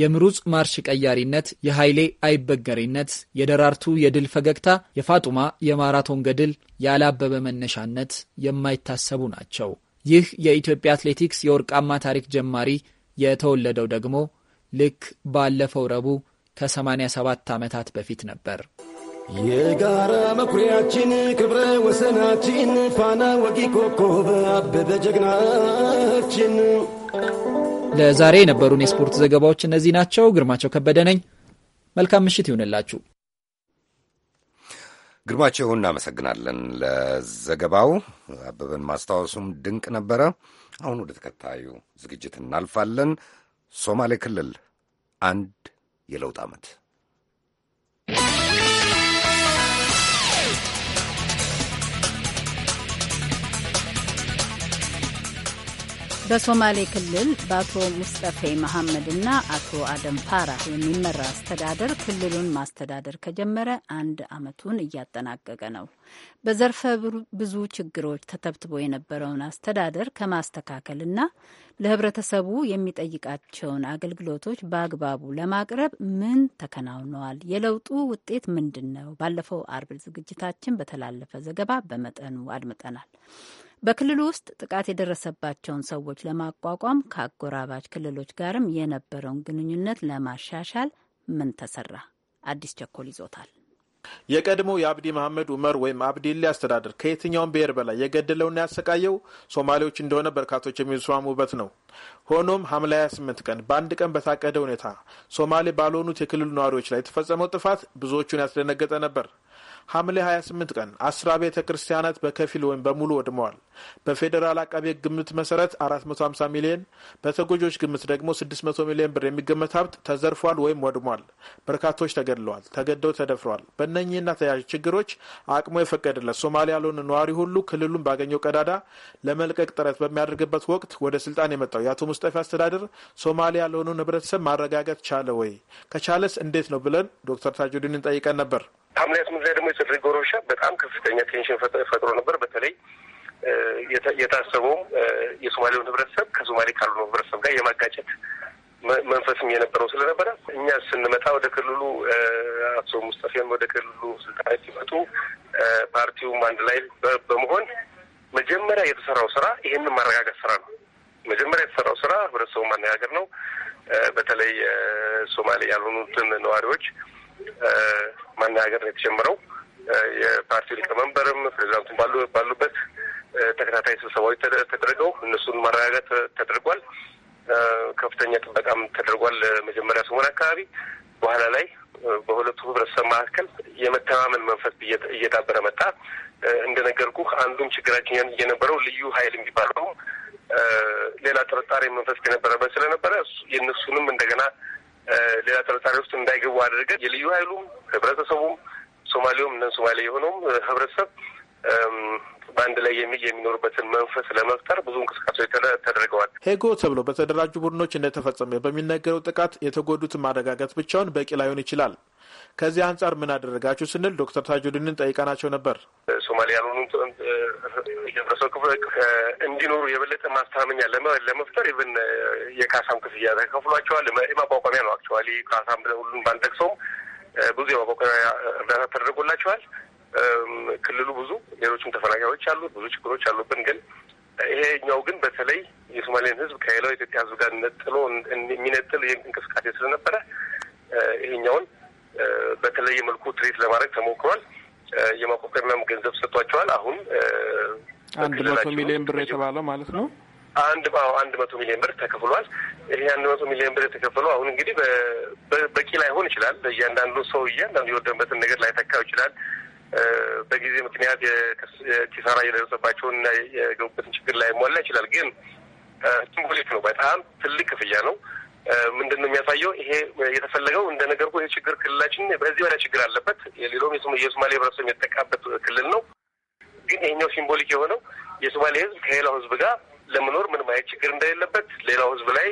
የምሩጽ ማርሽ ቀያሪነት፣ የኃይሌ አይበገሬነት፣ የደራርቱ የድል ፈገግታ፣ የፋጡማ የማራቶን ገድል ያለ አበበ መነሻነት የማይታሰቡ ናቸው። ይህ የኢትዮጵያ አትሌቲክስ የወርቃማ ታሪክ ጀማሪ የተወለደው ደግሞ ልክ ባለፈው ረቡዕ ከ87 ዓመታት በፊት ነበር። የጋራ መኩሪያችን ክብረ ወሰናችን ፋና ወጊ ኮከብ አበበ ጀግናችን። ለዛሬ የነበሩን የስፖርት ዘገባዎች እነዚህ ናቸው። ግርማቸው ከበደ ነኝ። መልካም ምሽት ይሁንላችሁ። ግርማቸው እናመሰግናለን ለዘገባው። አበበን ማስታወሱም ድንቅ ነበረ። አሁን ወደ ተከታዩ ዝግጅት እናልፋለን። ሶማሌ ክልል አንድ የለውጥ ዓመት በሶማሌ ክልል በአቶ ሙስጠፌ መሐመድና አቶ አደም ፓራ የሚመራ አስተዳደር ክልሉን ማስተዳደር ከጀመረ አንድ ዓመቱን እያጠናቀቀ ነው። በዘርፈ ብዙ ችግሮች ተተብትቦ የነበረውን አስተዳደር ከማስተካከልና ለህብረተሰቡ የሚጠይቃቸውን አገልግሎቶች በአግባቡ ለማቅረብ ምን ተከናውነዋል? የለውጡ ውጤት ምንድን ነው? ባለፈው አርብ ዝግጅታችን በተላለፈ ዘገባ በመጠኑ አድምጠናል። በክልሉ ውስጥ ጥቃት የደረሰባቸውን ሰዎች ለማቋቋም ከአጎራባች ክልሎች ጋርም የነበረውን ግንኙነት ለማሻሻል ምን ተሰራ? አዲስ ቸኮል ይዞታል። የቀድሞ የአብዲ መሐመድ ኡመር ወይም አብዲሌ አስተዳደር ከየትኛውም ብሔር በላይ የገደለውና ያሰቃየው ሶማሌዎች እንደሆነ በርካቶች የሚስማሙበት ነው። ሆኖም ሐምሌ 28 ቀን በአንድ ቀን በታቀደ ሁኔታ ሶማሌ ባልሆኑት የክልሉ ነዋሪዎች ላይ የተፈጸመው ጥፋት ብዙዎቹን ያስደነገጠ ነበር። ሐምሌ 28 ቀን አስራ ቤተ ክርስቲያናት በከፊል ወይም በሙሉ ወድመዋል። በፌዴራል አቃቤ ሕግ ግምት መሰረት 450 ሚሊዮን፣ በተጎጆች ግምት ደግሞ 600 ሚሊዮን ብር የሚገመት ሀብት ተዘርፏል ወይም ወድሟል። በርካቶች ተገድለዋል፣ ተገደው ተደፍረዋል። በእነኚህና ተያያዥ ችግሮች አቅሞ የፈቀደለት ሶማሌ ያልሆነ ነዋሪ ሁሉ ክልሉን ባገኘው ቀዳዳ ለመልቀቅ ጥረት በሚያደርግበት ወቅት ወደ ስልጣን የመጣው የአቶ ሙስጠፊ አስተዳደር ሶማሌ ያልሆነውን ህብረተሰብ ማረጋገጥ ቻለ ወይ? ከቻለስ እንዴት ነው ብለን ዶክተር ታጁዲንን ጠይቀን ነበር። ሐምሌ ስምንት ላይ ደግሞ የስድሪጎ ረብሻ በጣም ከፍተኛ ቴንሽን ፈጥሮ ነበር። በተለይ የታሰበውም የሶማሌውን ህብረተሰብ ከሶማሌ ካልሆነ ህብረተሰብ ጋር የማጋጨት መንፈስም የነበረው ስለነበረ እኛ ስንመጣ ወደ ክልሉ አቶ ሙስጠፌም ወደ ክልሉ ስልጣና ሲመጡ ፓርቲውም አንድ ላይ በመሆን መጀመሪያ የተሰራው ስራ ይህንን ማረጋገጥ ስራ ነው። መጀመሪያ የተሰራው ስራ ህብረተሰቡ ማነጋገር ነው። በተለይ ሶማሌ ያልሆኑትን ነዋሪዎች መናገር ነው የተጀመረው። የፓርቲው ሊቀመንበርም ፕሬዚዳንቱም ባሉበት ተከታታይ ስብሰባዎች ተደርገው እነሱን ማረጋጋት ተደርጓል። ከፍተኛ ጥበቃም ተደርጓል። መጀመሪያ ሰሞን አካባቢ በኋላ ላይ በሁለቱ ህብረተሰብ መካከል የመተማመን መንፈስ እየዳበረ መጣ። እንደነገርኩ አንዱም ችግራችን የነበረው ልዩ ኃይል የሚባለው ሌላ ጥርጣሬ መንፈስ የነበረበት ስለነበረ የእነሱንም እንደገና ሌላ ጥርጣሬ ውስጥ እንዳይገቡ አድርገን የልዩ ኃይሉም ህብረተሰቡም ሶማሌውም እነ ሶማሌ የሆነውም ህብረተሰብ በአንድ ላይ የሚኖርበትን መንፈስ ለመፍጠር ብዙ እንቅስቃሴዎች ተደርገዋል። ሄጎ ተብሎ በተደራጁ ቡድኖች እንደተፈጸመ በሚነገረው ጥቃት የተጎዱትን ማረጋገጥ ብቻውን በቂ ላይሆን ይችላል። ከዚህ አንጻር ምን አደረጋችሁ ስንል ዶክተር ታጁድንን ጠይቀናቸው ነበር። ሶማሌ ያልሆኑ የህብረተሰብ እንዲኖሩ የበለጠ ማስተማመኛ ለመፍጠር ብን የካሳም ክፍያ ተከፍሏቸዋል። የማቋቋሚያ ነው አክቹዋሊ ካሳም ሁሉም ባንጠቅሰውም ብዙ የማቋቋሚያ እርዳታ ተደርጎላቸዋል። ክልሉ ብዙ ሌሎችም ተፈናቃዮች አሉ፣ ብዙ ችግሮች አሉብን። ግን ይሄኛው ግን በተለይ የሶማሌን ህዝብ ከሌላው ኢትዮጵያ ህዝብ ጋር ነጥሎ የሚነጥል እንቅስቃሴ ስለነበረ ይሄኛውን በተለየ መልኩ ትርኢት ለማድረግ ተሞክሯል። የማቋቋሚያም ገንዘብ ሰጥቷቸዋል። አሁን አንድ መቶ ሚሊዮን ብር የተባለው ማለት ነው። አንድ አንድ መቶ ሚሊዮን ብር ተከፍሏል። ይሄ አንድ መቶ ሚሊዮን ብር የተከፈለው አሁን እንግዲህ በቂ ላይሆን ይችላል። እያንዳንዱ ሰው እያንዳንዱ የወደንበትን ነገር ተካው ይችላል። በጊዜ ምክንያት የኪሳራ የደረሰባቸውን የገቡበትን ችግር ላይ ሟላ ይችላል። ግን ሲምቦሊክ ነው። በጣም ትልቅ ክፍያ ነው። ምንድን ነው የሚያሳየው? ይሄ የተፈለገው እንደ ነገር ይሄ ችግር ክልላችን በዚህ በላይ ችግር አለበት። የሌሎም የሶማሌ ህብረተሰብ የሚጠቃበት ክልል ነው። ግን ይሄኛው ሲምቦሊክ የሆነው የሶማሌ ህዝብ ከሌላው ህዝብ ጋር ለመኖር ምንም አይነት ችግር እንደሌለበት ሌላው ህዝብ ላይ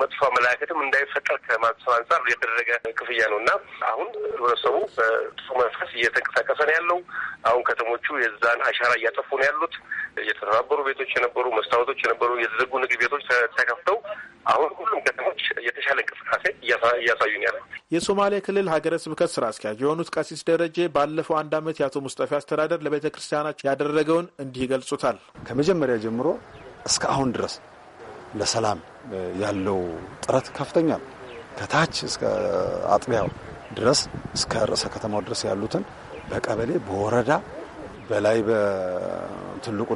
መጥፎ አመለካከትም እንዳይፈጠር ከማሰብ አንጻር የተደረገ ክፍያ ነው እና አሁን ህብረተሰቡ በጥሩ መንፈስ እየተንቀሳቀሰ ነው ያለው። አሁን ከተሞቹ የዛን አሻራ እያጠፉ ነው ያሉት። የተሰባበሩ ቤቶች የነበሩ መስታወቶች የነበሩ የተዘጉ ንግድ ቤቶች ተከፍተው አሁን ሁሉም ከተሞች የተሻለ እንቅስቃሴ እያሳዩን ያለ የሶማሌ ክልል ሀገረ ስብከት ስራ አስኪያጅ የሆኑት ቀሲስ ደረጀ ባለፈው አንድ ዓመት የአቶ ሙስጠፊ አስተዳደር ለቤተ ክርስቲያናቸው ያደረገውን እንዲህ ይገልጹታል። ከመጀመሪያ ጀምሮ እስከ አሁን ድረስ ለሰላም ያለው ጥረት ከፍተኛ ነው። ከታች እስከ አጥቢያው ድረስ እስከ ርዕሰ ከተማው ድረስ ያሉትን በቀበሌ በወረዳ በላይ በትልቁ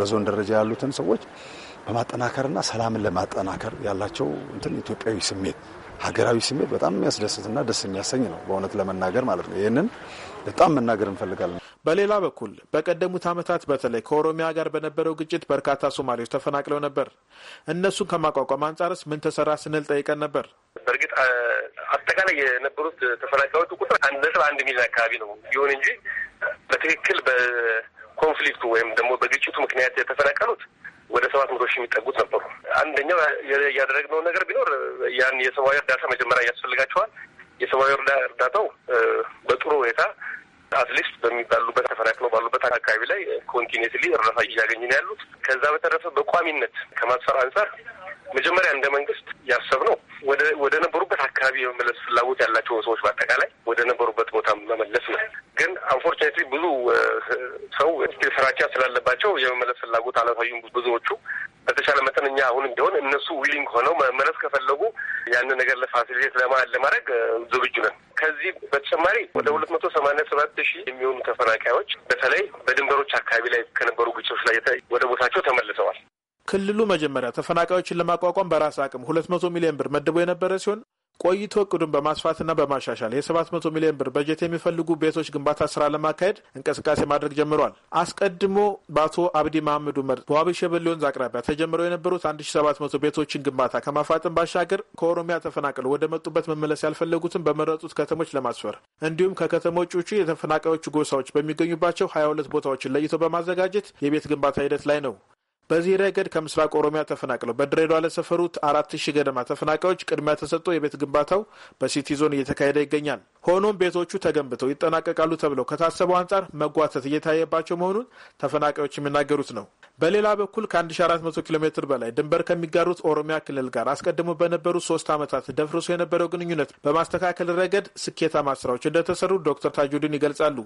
በዞን ደረጃ ያሉትን ሰዎች በማጠናከርና ሰላምን ለማጠናከር ያላቸው እንትን ኢትዮጵያዊ ስሜት ሀገራዊ ስሜት በጣም የሚያስደስትና ደስ የሚያሰኝ ነው። በእውነት ለመናገር ማለት ነው። ይህንን በጣም መናገር እንፈልጋለን። በሌላ በኩል በቀደሙት ዓመታት በተለይ ከኦሮሚያ ጋር በነበረው ግጭት በርካታ ሶማሌዎች ተፈናቅለው ነበር። እነሱን ከማቋቋም አንጻርስ ምን ተሰራ ስንል ጠይቀን ነበር። በእርግጥ አጠቃላይ የነበሩት ተፈናቃዮቹ ቁጥር አንድ ነጥብ አንድ ሚሊዮን አካባቢ ነው። ቢሆን እንጂ በትክክል በኮንፍሊክቱ ወይም ደግሞ በግጭቱ ምክንያት የተፈናቀሉት ወደ ሰባት መቶ ሺህ የሚጠጉት ነበሩ። አንደኛው ያደረግነው ነገር ቢኖር ያን የሰብአዊ እርዳታ መጀመሪያ ያስፈልጋቸዋል። የሰብአዊ እርዳታው በጥሩ ሁኔታ አትሊስት በሚባሉበት ተፈናቅለው ባሉበት አካባቢ ላይ ኮንቲኔትሊ እርዳታ እያገኙ ነው ያሉት። ከዛ በተረፈ በቋሚነት ከማስፈር አንጻር መጀመሪያ እንደ መንግስት ያሰብነው ወደ ነበሩበት አካባቢ የመመለስ ፍላጎት ያላቸውን ሰዎች በአጠቃላይ ወደ ነበሩበት ቦታ መመለስ ነው። ግን አንፎርቹኔትሊ ብዙ ሰው ስራቻ ስላለባቸው የመመለስ ፍላጎት አላሳዩም። ብዙዎቹ በተሻለ መጠን እኛ አሁንም ቢሆን እነሱ ዊሊንግ ሆነው መመለስ ከፈለጉ ያንን ነገር ለፋሲሊቴት ለማድረግ ዝግጁ ነን። ከዚህ በተጨማሪ ወደ ሁለት መቶ ሰማንያ ሰባት ሺህ የሚሆኑ ተፈናቃዮች በተለይ በድንበሮች አካባቢ ላይ ከነበሩ ግጭቶች ላይ ወደ ቦታቸው ተመልሰዋል። ክልሉ መጀመሪያ ተፈናቃዮችን ለማቋቋም በራስ አቅም ሁለት መቶ ሚሊዮን ብር መድቦ የነበረ ሲሆን ቆይቶ እቅዱን በማስፋትና በማሻሻል የ700 ሚሊዮን ብር በጀት የሚፈልጉ ቤቶች ግንባታ ስራ ለማካሄድ እንቅስቃሴ ማድረግ ጀምሯል። አስቀድሞ በአቶ አብዲ መሐመድ ኡመር በዋቢ ሸበሌ ወንዝ አቅራቢያ ተጀምረው የነበሩት 1700 ቤቶችን ግንባታ ከማፋጠን ባሻገር ከኦሮሚያ ተፈናቅለው ወደ መጡበት መመለስ ያልፈለጉትን በመረጡት ከተሞች ለማስፈር እንዲሁም ከከተሞች ውጪ የተፈናቃዮቹ ጎሳዎች በሚገኙባቸው 22 ቦታዎችን ለይቶ በማዘጋጀት የቤት ግንባታ ሂደት ላይ ነው። በዚህ ረገድ ከምስራቅ ኦሮሚያ ተፈናቅለው በድሬዳዋ ለሰፈሩት አራት ሺህ ገደማ ተፈናቃዮች ቅድሚያ ተሰጥቶ የቤት ግንባታው በሲቲ ዞን እየተካሄደ ይገኛል። ሆኖም ቤቶቹ ተገንብተው ይጠናቀቃሉ ተብለው ከታሰበው አንጻር መጓተት እየታየባቸው መሆኑን ተፈናቃዮች የሚናገሩት ነው። በሌላ በኩል ከ1400 ኪሎ ሜትር በላይ ድንበር ከሚጋሩት ኦሮሚያ ክልል ጋር አስቀድሞ በነበሩ ሶስት ዓመታት ደፍርሶ የነበረው ግንኙነት በማስተካከል ረገድ ስኬታማ ስራዎች እንደተሰሩ ዶክተር ታጁዲን ይገልጻሉ።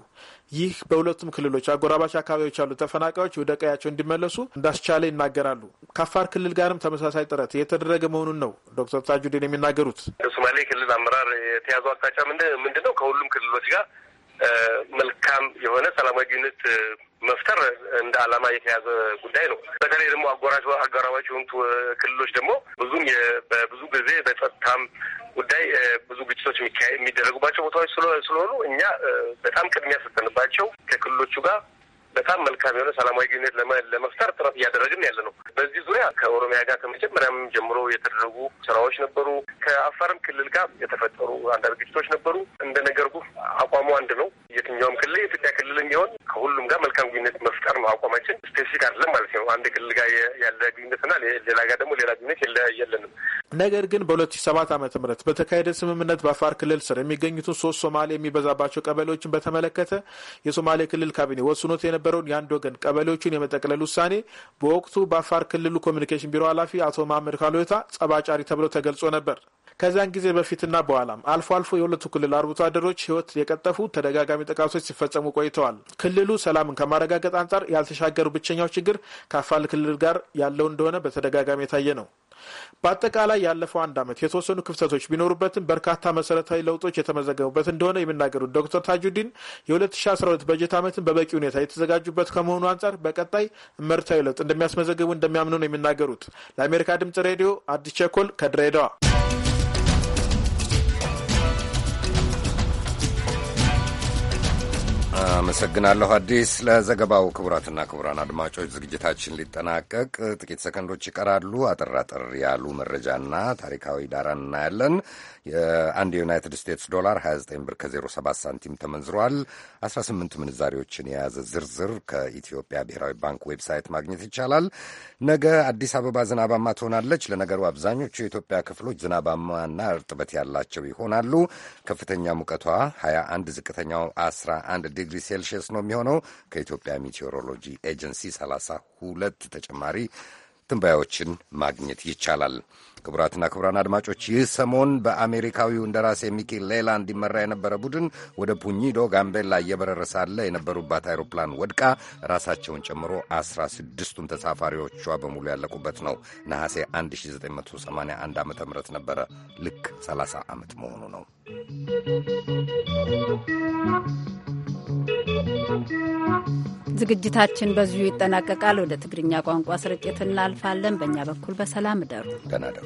ይህ በሁለቱም ክልሎች አጎራባች አካባቢዎች ያሉ ተፈናቃዮች ወደ ቀያቸው እንዲመለሱ እንዳስቻለ ይናገራሉ። ከአፋር ክልል ጋርም ተመሳሳይ ጥረት እየተደረገ መሆኑን ነው ዶክተር ታጁዲን የሚናገሩት። ሶማሌ ክልል አመራር የተያዙ አቅጣጫ ምንድን ምንድን ነው ከሁሉም ክልሎች ጋር መልካም የሆነ ሰላማዊ ግንኙነት መፍጠር እንደ ዓላማ የተያዘ ጉዳይ ነው። በተለይ ደግሞ አጎራሽ አጋራባች የሆኑት ክልሎች ደግሞ ብዙም በብዙ ጊዜ በጸጥታም ጉዳይ ብዙ ግጭቶች የሚደረጉባቸው ቦታዎች ስለሆኑ እኛ በጣም ቅድሚያ ሰጠንባቸው ከክልሎቹ ጋር በጣም መልካም የሆነ ሰላማዊ ግንኙነት ለመፍጠር ጥረት እያደረግን ያለ ነው። በዚህ ዙሪያ ከኦሮሚያ ጋር ከመጀመሪያም ጀምሮ የተደረጉ ስራዎች ነበሩ። ከአፋርም ክልል ጋር የተፈጠሩ አንዳንድ ግጭቶች ነበሩ። እንደ አቋሙ አንድ ነው። የትኛውም ክልል የኢትዮጵያ ክልል የሚሆን ከሁሉም ጋር መልካም ግንኙነት መፍጠር ነው አቋማችን። ስፔሲፊክ አይደለም ማለት ነው። አንድ ክልል ጋር ያለ ግንኙነትና ሌላ ጋር ደግሞ ሌላ ግንኙነት የለንም። ነገር ግን በሁለት ሺህ ሰባት ዓመተ ምህረት በተካሄደ ስምምነት በአፋር ክልል ስር የሚገኙትን ሶስት ሶማሌ የሚበዛባቸው ቀበሌዎችን በተመለከተ የሶማሌ ክልል ካቢኔ ወስኖት የነበረውን የአንድ ወገን ቀበሌዎችን የመጠቅለል ውሳኔ በወቅቱ በአፋር ክልሉ ኮሚኒኬሽን ቢሮ ኃላፊ አቶ መሐመድ ካሎታ ጸባጫሪ ተብሎ ተገልጾ ነበር። ከዚያን ጊዜ በፊትና በኋላም አልፎ አልፎ የሁለቱ ክልል አርብቶ አደሮች ሕይወት የቀጠፉ ተደጋጋሚ ጥቃቶች ሲፈጸሙ ቆይተዋል። ክልሉ ሰላምን ከማረጋገጥ አንጻር ያልተሻገሩ ብቸኛው ችግር ከአፋር ክልል ጋር ያለው እንደሆነ በተደጋጋሚ የታየ ነው። በአጠቃላይ ያለፈው አንድ ዓመት የተወሰኑ ክፍተቶች ቢኖሩበትም በርካታ መሰረታዊ ለውጦች የተመዘገቡበት እንደሆነ የሚናገሩት ዶክተር ታጁዲን የ2012 በጀት ዓመትን በበቂ ሁኔታ የተዘጋጁበት ከመሆኑ አንጻር በቀጣይ መርታዊ ለውጥ እንደሚያስመዘግቡ እንደሚያምኑ ነው የሚናገሩት። ለአሜሪካ ድምጽ ሬዲዮ አዲስ ቸኮል ከድሬዳዋ አመሰግናለሁ አዲስ ለዘገባው። ክቡራትና ክቡራን አድማጮች ዝግጅታችን ሊጠናቀቅ ጥቂት ሰከንዶች ይቀራሉ። አጠር አጠር ያሉ መረጃና ታሪካዊ ዳራን እናያለን። አንድ የዩናይትድ ስቴትስ ዶላር 29 ብር ከ07 ሳንቲም ተመንዝሯል። 18 ምንዛሬዎችን የያዘ ዝርዝር ከኢትዮጵያ ብሔራዊ ባንክ ዌብሳይት ማግኘት ይቻላል። ነገ አዲስ አበባ ዝናባማ ትሆናለች። ለነገሩ አብዛኞቹ የኢትዮጵያ ክፍሎች ዝናባማና እርጥበት ያላቸው ይሆናሉ። ከፍተኛ ሙቀቷ 21፣ ዝቅተኛው 11 ዲግሪ ሴልሺየስ ነው የሚሆነው። ከኢትዮጵያ ሚቴዎሮሎጂ ኤጀንሲ 32 ተጨማሪ ትንባያዎችን ማግኘት ይቻላል። ክቡራትና ክቡራን አድማጮች ይህ ሰሞን በአሜሪካዊው እንደራሴ ሚኪ ሌላ እንዲመራ የነበረ ቡድን ወደ ፑኝዶ ጋምቤላ እየበረረ ሳለ የነበሩባት አይሮፕላን ወድቃ ራሳቸውን ጨምሮ አስራ ስድስቱን ተሳፋሪዎቿ በሙሉ ያለቁበት ነው። ነሐሴ 1981 ዓ ም ነበረ። ልክ 30 ዓመት መሆኑ ነው። Thank you. ዝግጅታችን በዚሁ ይጠናቀቃል። ወደ ትግርኛ ቋንቋ ስርጭት እናልፋለን። በእኛ በኩል በሰላም እደሩ። ደህና